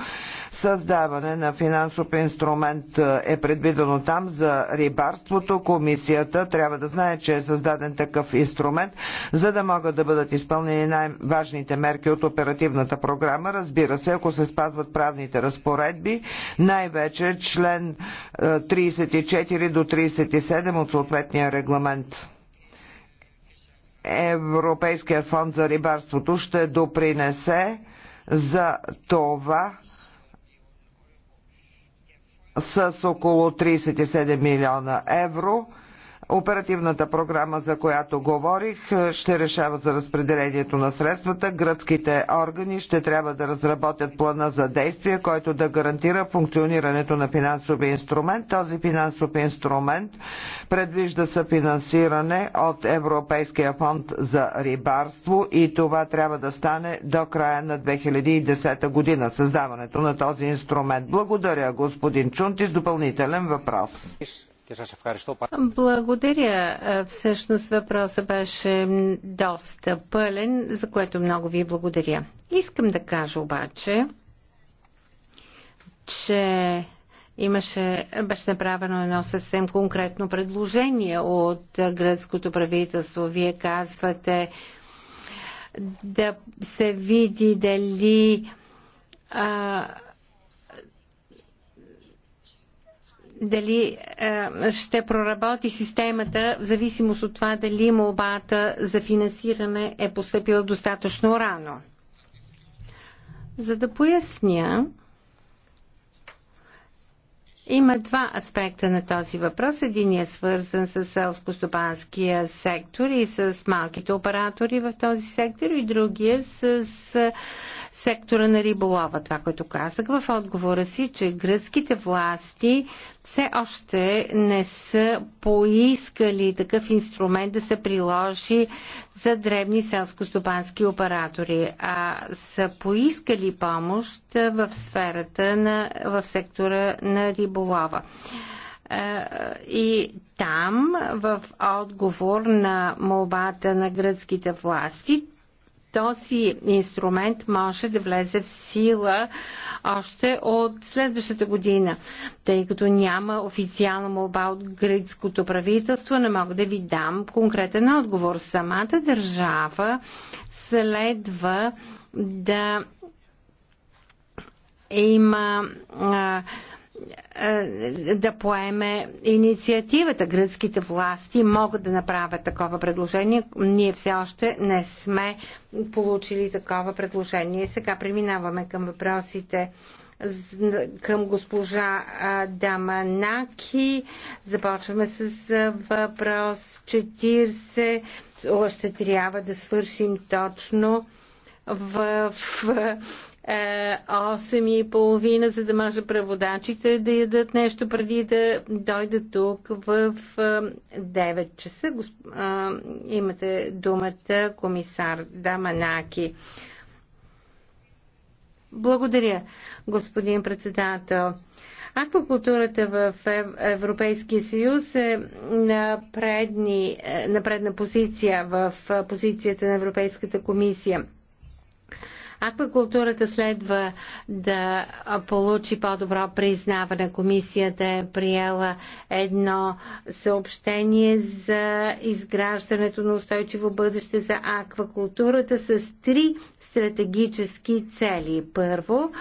Създаване на финансов инструмент е, е предвидено там за рибарството. Комисията трябва да знае, че е създаден такъв инструмент, за да могат да бъдат изпълнени най-важните мерки от оперативната програма. Разбира се, ако се спазват правните разпоредби, най-вече член 34 е, до 37 от съответния регламент. Европейския фонд за рибарството ще допринесе за това с около 37 милиона евро. Оперативната програма, за която говорих, е, ще решава за разпределението на средствата. Гръцките органи ще трябва да разработят плана за действие, който да гарантира функционирането на финансови инструмент. Този финансов инструмент предвижда съфинансиране от Европейския фонд за рибарство и това трябва да стане до края на 2010 година, създаването на този инструмент. Благодаря, господин Чунтис. Допълнителен въпрос. Благодаря. Е, всъщност въпросът беше доста пълен, за което много ви благодаря. Искам да кажа обаче, че имаше, беше направено едно съвсем конкретно предложение от гръцкото правителство. Вие казвате да се види дали а, дали е, ще проработи системата в зависимост от това дали молбата за финансиране е поступила достатъчно рано. За да поясня, има два аспекта на този въпрос. Един е свързан с селско-стопанския сектор и с малките оператори в този сектор и другия с сектора на риболова. Това, което казах в отговора си, че гръцките власти все още не са поискали такъв инструмент да се приложи за древни селскостопански оператори, а са поискали помощ в сферата на, в сектора на риболова. Е, и там, в отговор на молбата на гръцките власти, този инструмент може да влезе в сила още от следващата година, тъй като няма официална молба от гръцкото правителство, не мога да ви дам конкретен отговор. Самата държава следва да има а, е, да поеме инициативата. Гръцките власти могат да направят такова предложение. Ние все още не сме получили такова предложение. Сега преминаваме към въпросите към госпожа Даманаки. Започваме с въпрос 40. Още трябва да свършим точно в, в половина, за да може преводачите да ядат нещо преди да дойдат тук в 9 часа. Имате думата комисар Даманаки. Благодаря, господин председател. Аквакултурата в Европейския съюз е на, предни, е, на предна позиция в позицията на Европейската комисия. Аквакултурата следва да получи по-добро признаване. Комисията е приела едно съобщение за изграждането на устойчиво бъдеще за аквакултурата с три стратегически цели. Първо,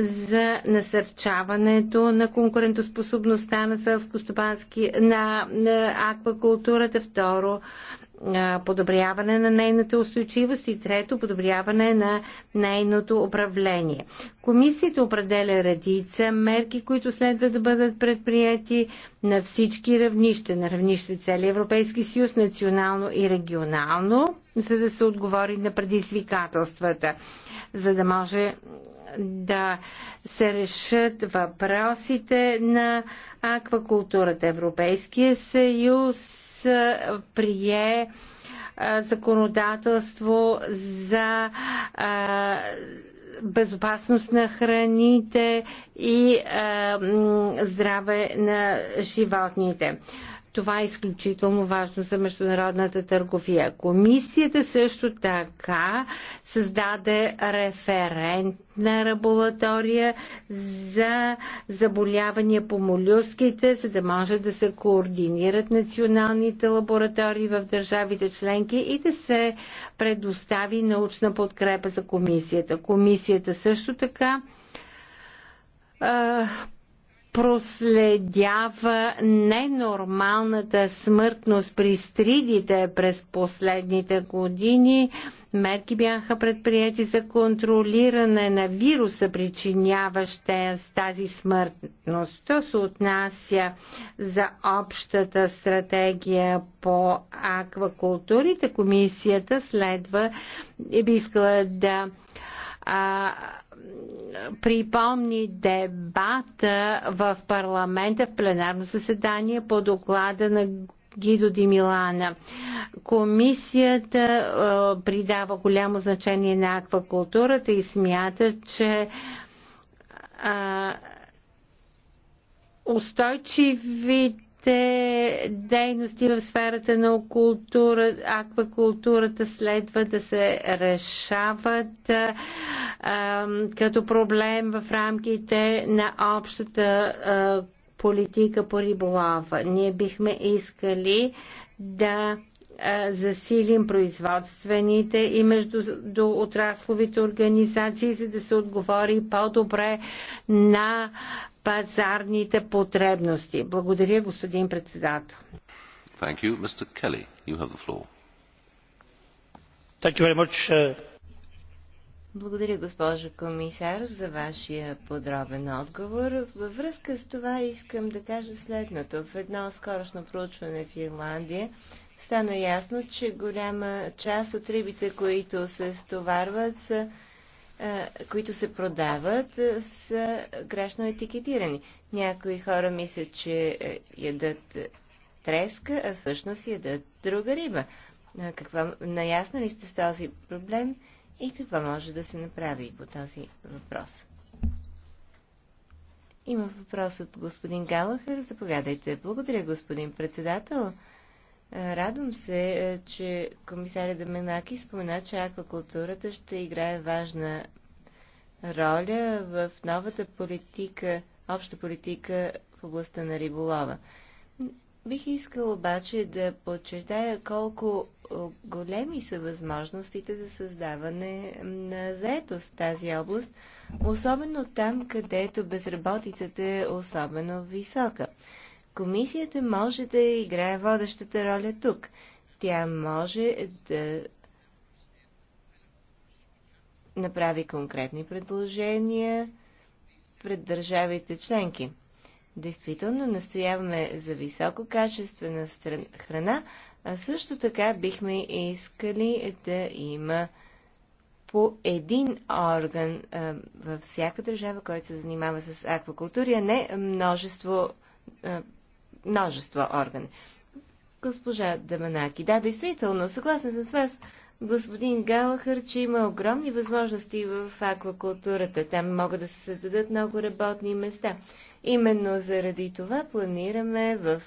за насърчаването на конкурентоспособността на селско на, на аквакултурата. Второ, подобряване на нейната устойчивост и трето подобряване на нейното управление. Комисията определя редица мерки, които следва да бъдат предприяти на всички равнища, на равнище целия Европейски съюз, национално и регионално, за да се отговори на предизвикателствата, за да може да се решат въпросите на аквакултурата. Европейския съюз прие законодателство за безопасност на храните и здраве на животните. Това е изключително важно за международната търговия. Комисията също така създаде референтна лаборатория за заболявания по молюските, за да може да се координират националните лаборатории в държавите членки и да се предостави научна подкрепа за комисията. Комисията също така проследява ненормалната смъртност при стридите през последните години. Мерки бяха предприяти за контролиране на вируса, причиняваща е с тази смъртност. То се отнася за общата стратегия по аквакултурите. Комисията следва и е би искала да а, припомни дебата в парламента в пленарно заседание по доклада на Гидо Ди Милана. Комисията е, придава голямо значение на аквакултурата и смята, че е, устойчивите Новите дейности в сферата на култура, аквакултурата следва да се решават а, като проблем в рамките на общата а, политика по риболова. Ние бихме искали да засилим производствените и между до отрасловите организации, за да се отговори по-добре на пазарните потребности. Благодаря, господин председател. Thank you. Mr. Kelly, you have the floor. Thank you very much. Uh, Благодаря, госпожо комисар, за вашия подробен отговор. Във връзка с това искам да кажа следното. В едно скорошно проучване в Ирландия стана ясно, че голяма част от рибите, които се стоварват, са които се продават, са грешно етикетирани. Някои хора мислят, че е, ядат е, треска, а всъщност ядат друга риба. Каква, наясно ли сте с този проблем и какво може да се направи по този въпрос? Има въпрос от господин Галахър. Заповядайте. Благодаря, господин председател. Радвам се, е, че комисаря Даменаки спомена, че аквакултурата ще играе важна роля в новата политика, обща политика в областта на риболова. Бих искал обаче да подчертая колко големи са възможностите за създаване на заетост в тази област, особено там, където безработицата е особено висока. Комисията може да играе водещата роля тук. Тя може да направи конкретни предложения пред държавите членки. Действително настояваме за високо качествена храна, а също така бихме искали да има по един орган а, във всяка държава, който се занимава с аквакултури, а не множество а, множество органи. Госпожа Даманаки, да, действително, съгласен с вас, господин Галахър, че има огромни възможности в аквакултурата. Там могат да се създадат много работни места. Именно заради това планираме в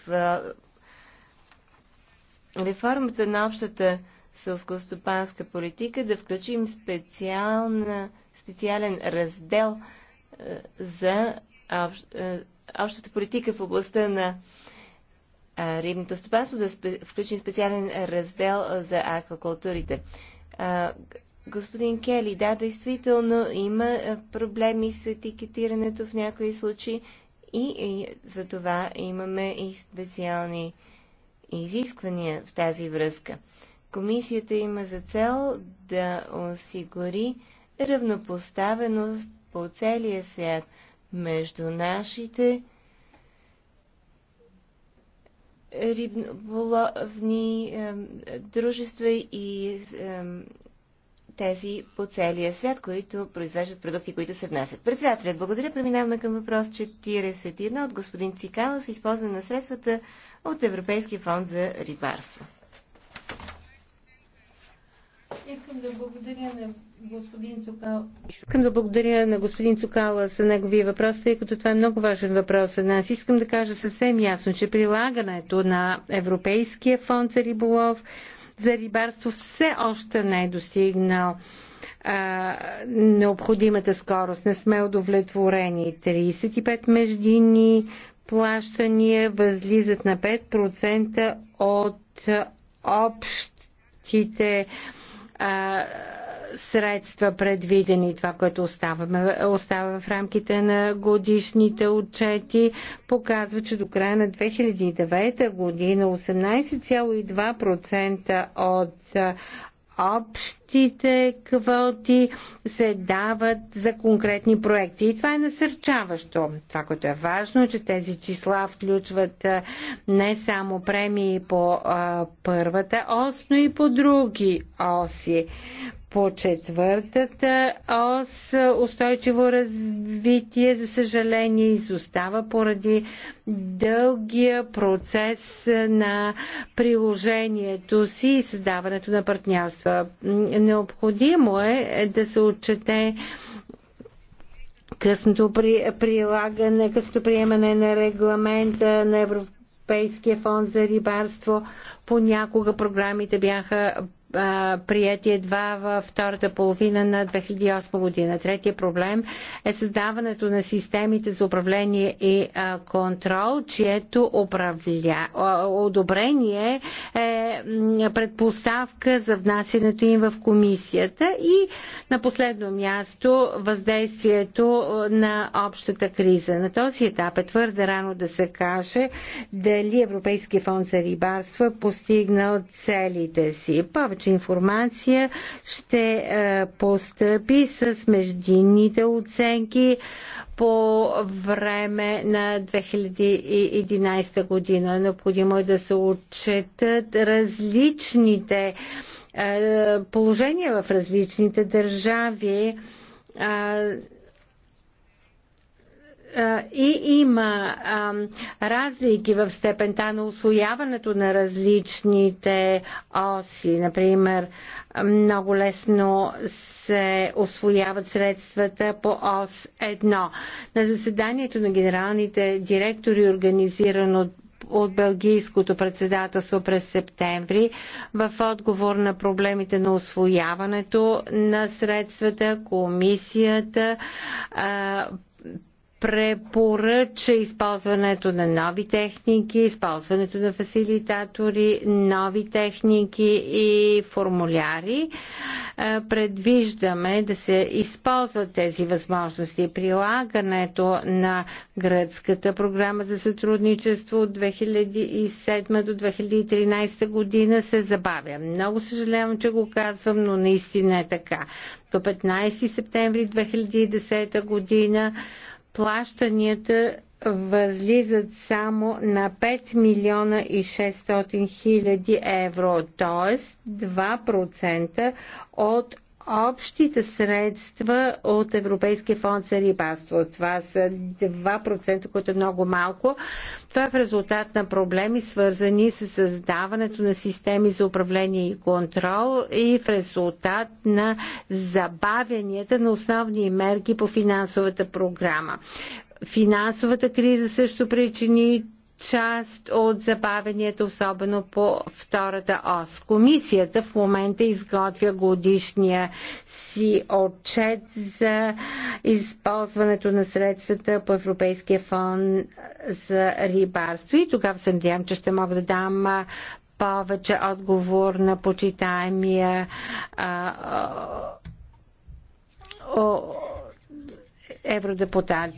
реформата на общата сълскостопанска политика да включим специална, специален раздел за, общ, общата политика в областта на рибното стопанство да включим специален раздел за аквакултурите. господин Кели, да, действително има проблеми с етикетирането в някои случаи и, и за това имаме и специални изисквания в тази връзка. Комисията има за цел да осигури равнопоставеност по целия свят – между нашите риболовни е, дружества и е, тези по целия свят, които произвеждат продукти, които се внасят. Председателят, благодаря. Преминаваме към въпрос 41 от господин Цикала с използване на средствата от Европейския фонд за рибарство. Искам да благодаря на господин Цукала за неговия въпрос, тъй като това е много важен въпрос за нас. Искам да кажа съвсем ясно, че прилагането на Европейския фонд за риболов, за рибарство все още не е достигнал а, необходимата скорост. Не сме удовлетворени. 35 междинни плащания възлизат на 5% от общите средства предвидени, това, което оставаме, остава в рамките на годишните отчети, показва, че до края на 2009 година 18,2% от общите квоти се дават за конкретни проекти. И това е насърчаващо. Това, което е важно, е, че тези числа включват не само премии по а, първата ос, но и по други оси по четвъртата ос устойчиво развитие, за съжаление, изостава поради дългия процес на приложението си и създаването на партньорства. Необходимо е да се отчете късното при, прилагане, късното приемане на регламента на Европейския фонд за рибарство. Понякога програмите бяха прияти едва във втората половина на 2008 година. Третия проблем е създаването на системите за управление и контрол, чието управля... одобрение е предпоставка за внасянето им в комисията и на последно място въздействието на общата криза. На този етап е твърде рано да се каже дали Европейския фонд за рибарство е постигнал целите си. Повече повече информация ще е, постъпи с междинните оценки по време на 2011 година. Необходимо е да се отчетат различните е, положения в различните държави е, и има а, разлики в степента на освояването на различните оси. Например, много лесно се освояват средствата по ОС 1. На заседанието на генералните директори, организирано от от Белгийското председателство през септември в отговор на проблемите на освояването на средствата, комисията а, препоръча използването на нови техники, използването на фасилитатори, нови техники и формуляри. Е, предвиждаме да се използват тези възможности. Прилагането на гръцката програма за сътрудничество от 2007 до 2013 година се забавя. Много съжалявам, че го казвам, но наистина е така. До 15 септември 2010 година плащанията възлизат само на 5 милиона и 600 хиляди евро, т.е. 2% от общите средства от Европейския фонд за рибарство. Това са 2%, което е много малко. Това е в резултат на проблеми, свързани с създаването на системи за управление и контрол и в резултат на забавянията на основни мерки по финансовата програма. Финансовата криза също причини част от забавенията, особено по втората ос. Комисията в момента изготвя годишния си отчет за използването на средствата по Европейския фонд за рибарство и тогава се надявам, че ще мога да дам повече отговор на почитаемия а, а, евродепутат.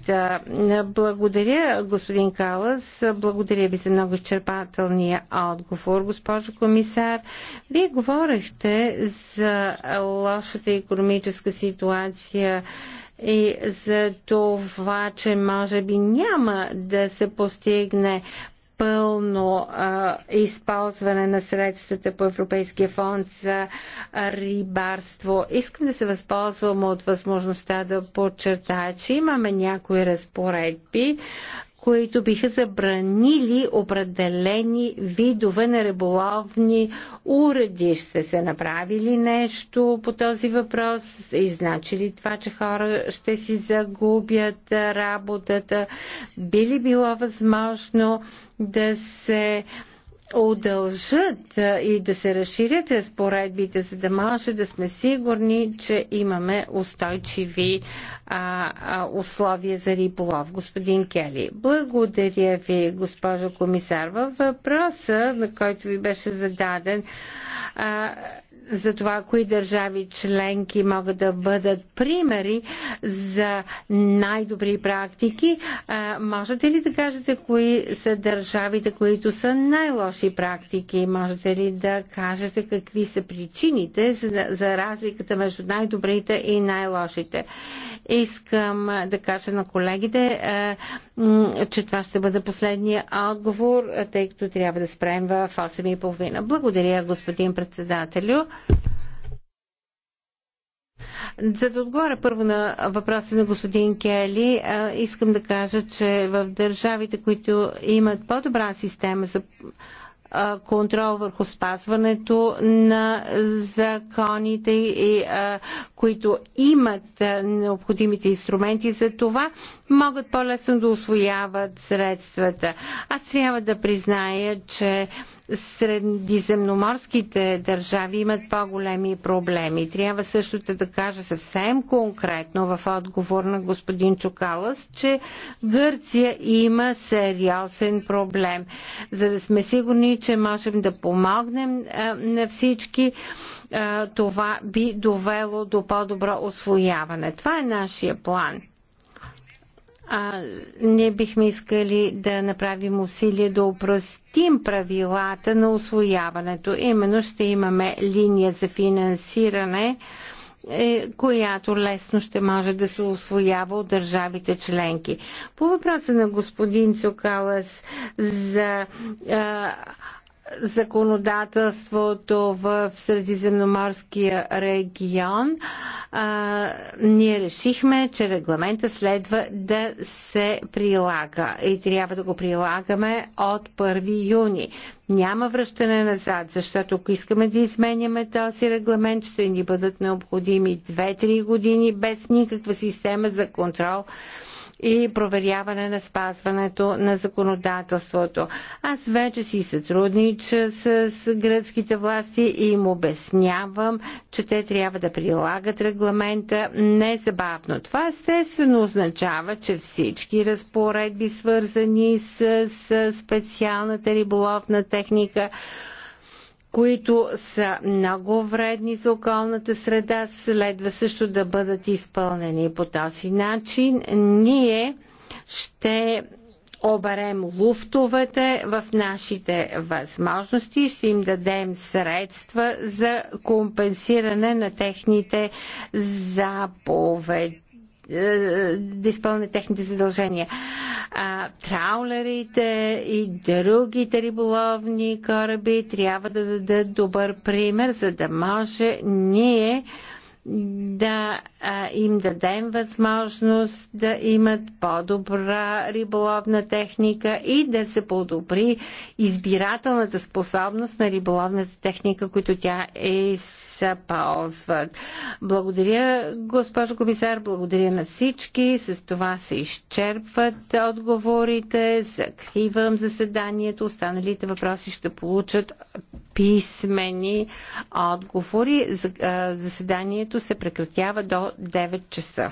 Благодаря, господин Калас. Благодаря ви за много изчерпателния отговор, госпожо комисар. Вие говорихте за лошата економическа ситуация и за това, че може би няма да се постигне пълно а, използване на средствата по Европейския фонд за рибарство. Искам да се възползвам от възможността да подчертая, че имаме някои разпоредби, които биха забранили определени видове на риболовни уреди. Ще се направи ли нещо по този въпрос? И значи ли това, че хора ще си загубят работата? Би ли било възможно да се удължат и да се разширят разпоредбите, за да може да сме сигурни, че имаме устойчиви а, а, условия за риболов. Господин Кели, благодаря ви, госпожо комисар. Във въпроса, на който ви беше зададен, а, за това, кои държави членки могат да бъдат примери за най-добри практики. А, можете ли да кажете кои са държавите, които са най-лоши практики? Можете ли да кажете какви са причините за, за разликата между най-добрите и най-лошите? Искам да кажа на колегите, а, че това ще бъде последния отговор, тъй като трябва да спрем в 8.30. Благодаря, господин председателю. За да отговоря първо на въпроса на господин Кели, искам да кажа, че в държавите, които имат по-добра система за контрол върху спазването на законите, и, които имат необходимите инструменти за това, могат по-лесно да освояват средствата. Аз трябва да призная, че средиземноморските държави имат по-големи проблеми. Трябва също да кажа съвсем конкретно в отговор на господин Чукалас, че Гърция има сериозен проблем. За да сме сигурни, че можем да помогнем на всички, това би довело до по-добро освояване. Това е нашия план а, ние бихме искали да направим усилие да упростим правилата на освояването. Именно ще имаме линия за финансиране, е, която лесно ще може да се освоява от държавите членки. По въпроса на господин Цукалас за а, законодателството в Средиземноморския регион, а, ние решихме, че регламента следва да се прилага и трябва да го прилагаме от 1 юни. Няма връщане назад, защото ако искаме да изменяме този регламент, ще ни бъдат необходими 2-3 години без никаква система за контрол и проверяване на спазването на законодателството. Аз вече си сътруднича с гръцките власти и им обяснявам, че те трябва да прилагат регламента незабавно. Това естествено означава, че всички разпоредби, свързани с специалната риболовна техника, които са много вредни за околната среда, следва също да бъдат изпълнени. По този начин ние ще оберем луфтовете в нашите възможности и ще им дадем средства за компенсиране на техните заповеди е, е, да изпълнят техните задължения. А, траулерите и другите риболовни кораби трябва да дадат добър пример, за да може ние да а, им дадем възможност да имат по-добра риболовна техника и да се подобри избирателната способност на риболовната техника, които тя е се ползват. Благодаря, госпожо комисар, благодаря на всички. С това се изчерпват отговорите. Закривам заседанието. Останалите въпроси ще получат писмени отговори. Заседанието се прекратява до 9 часа.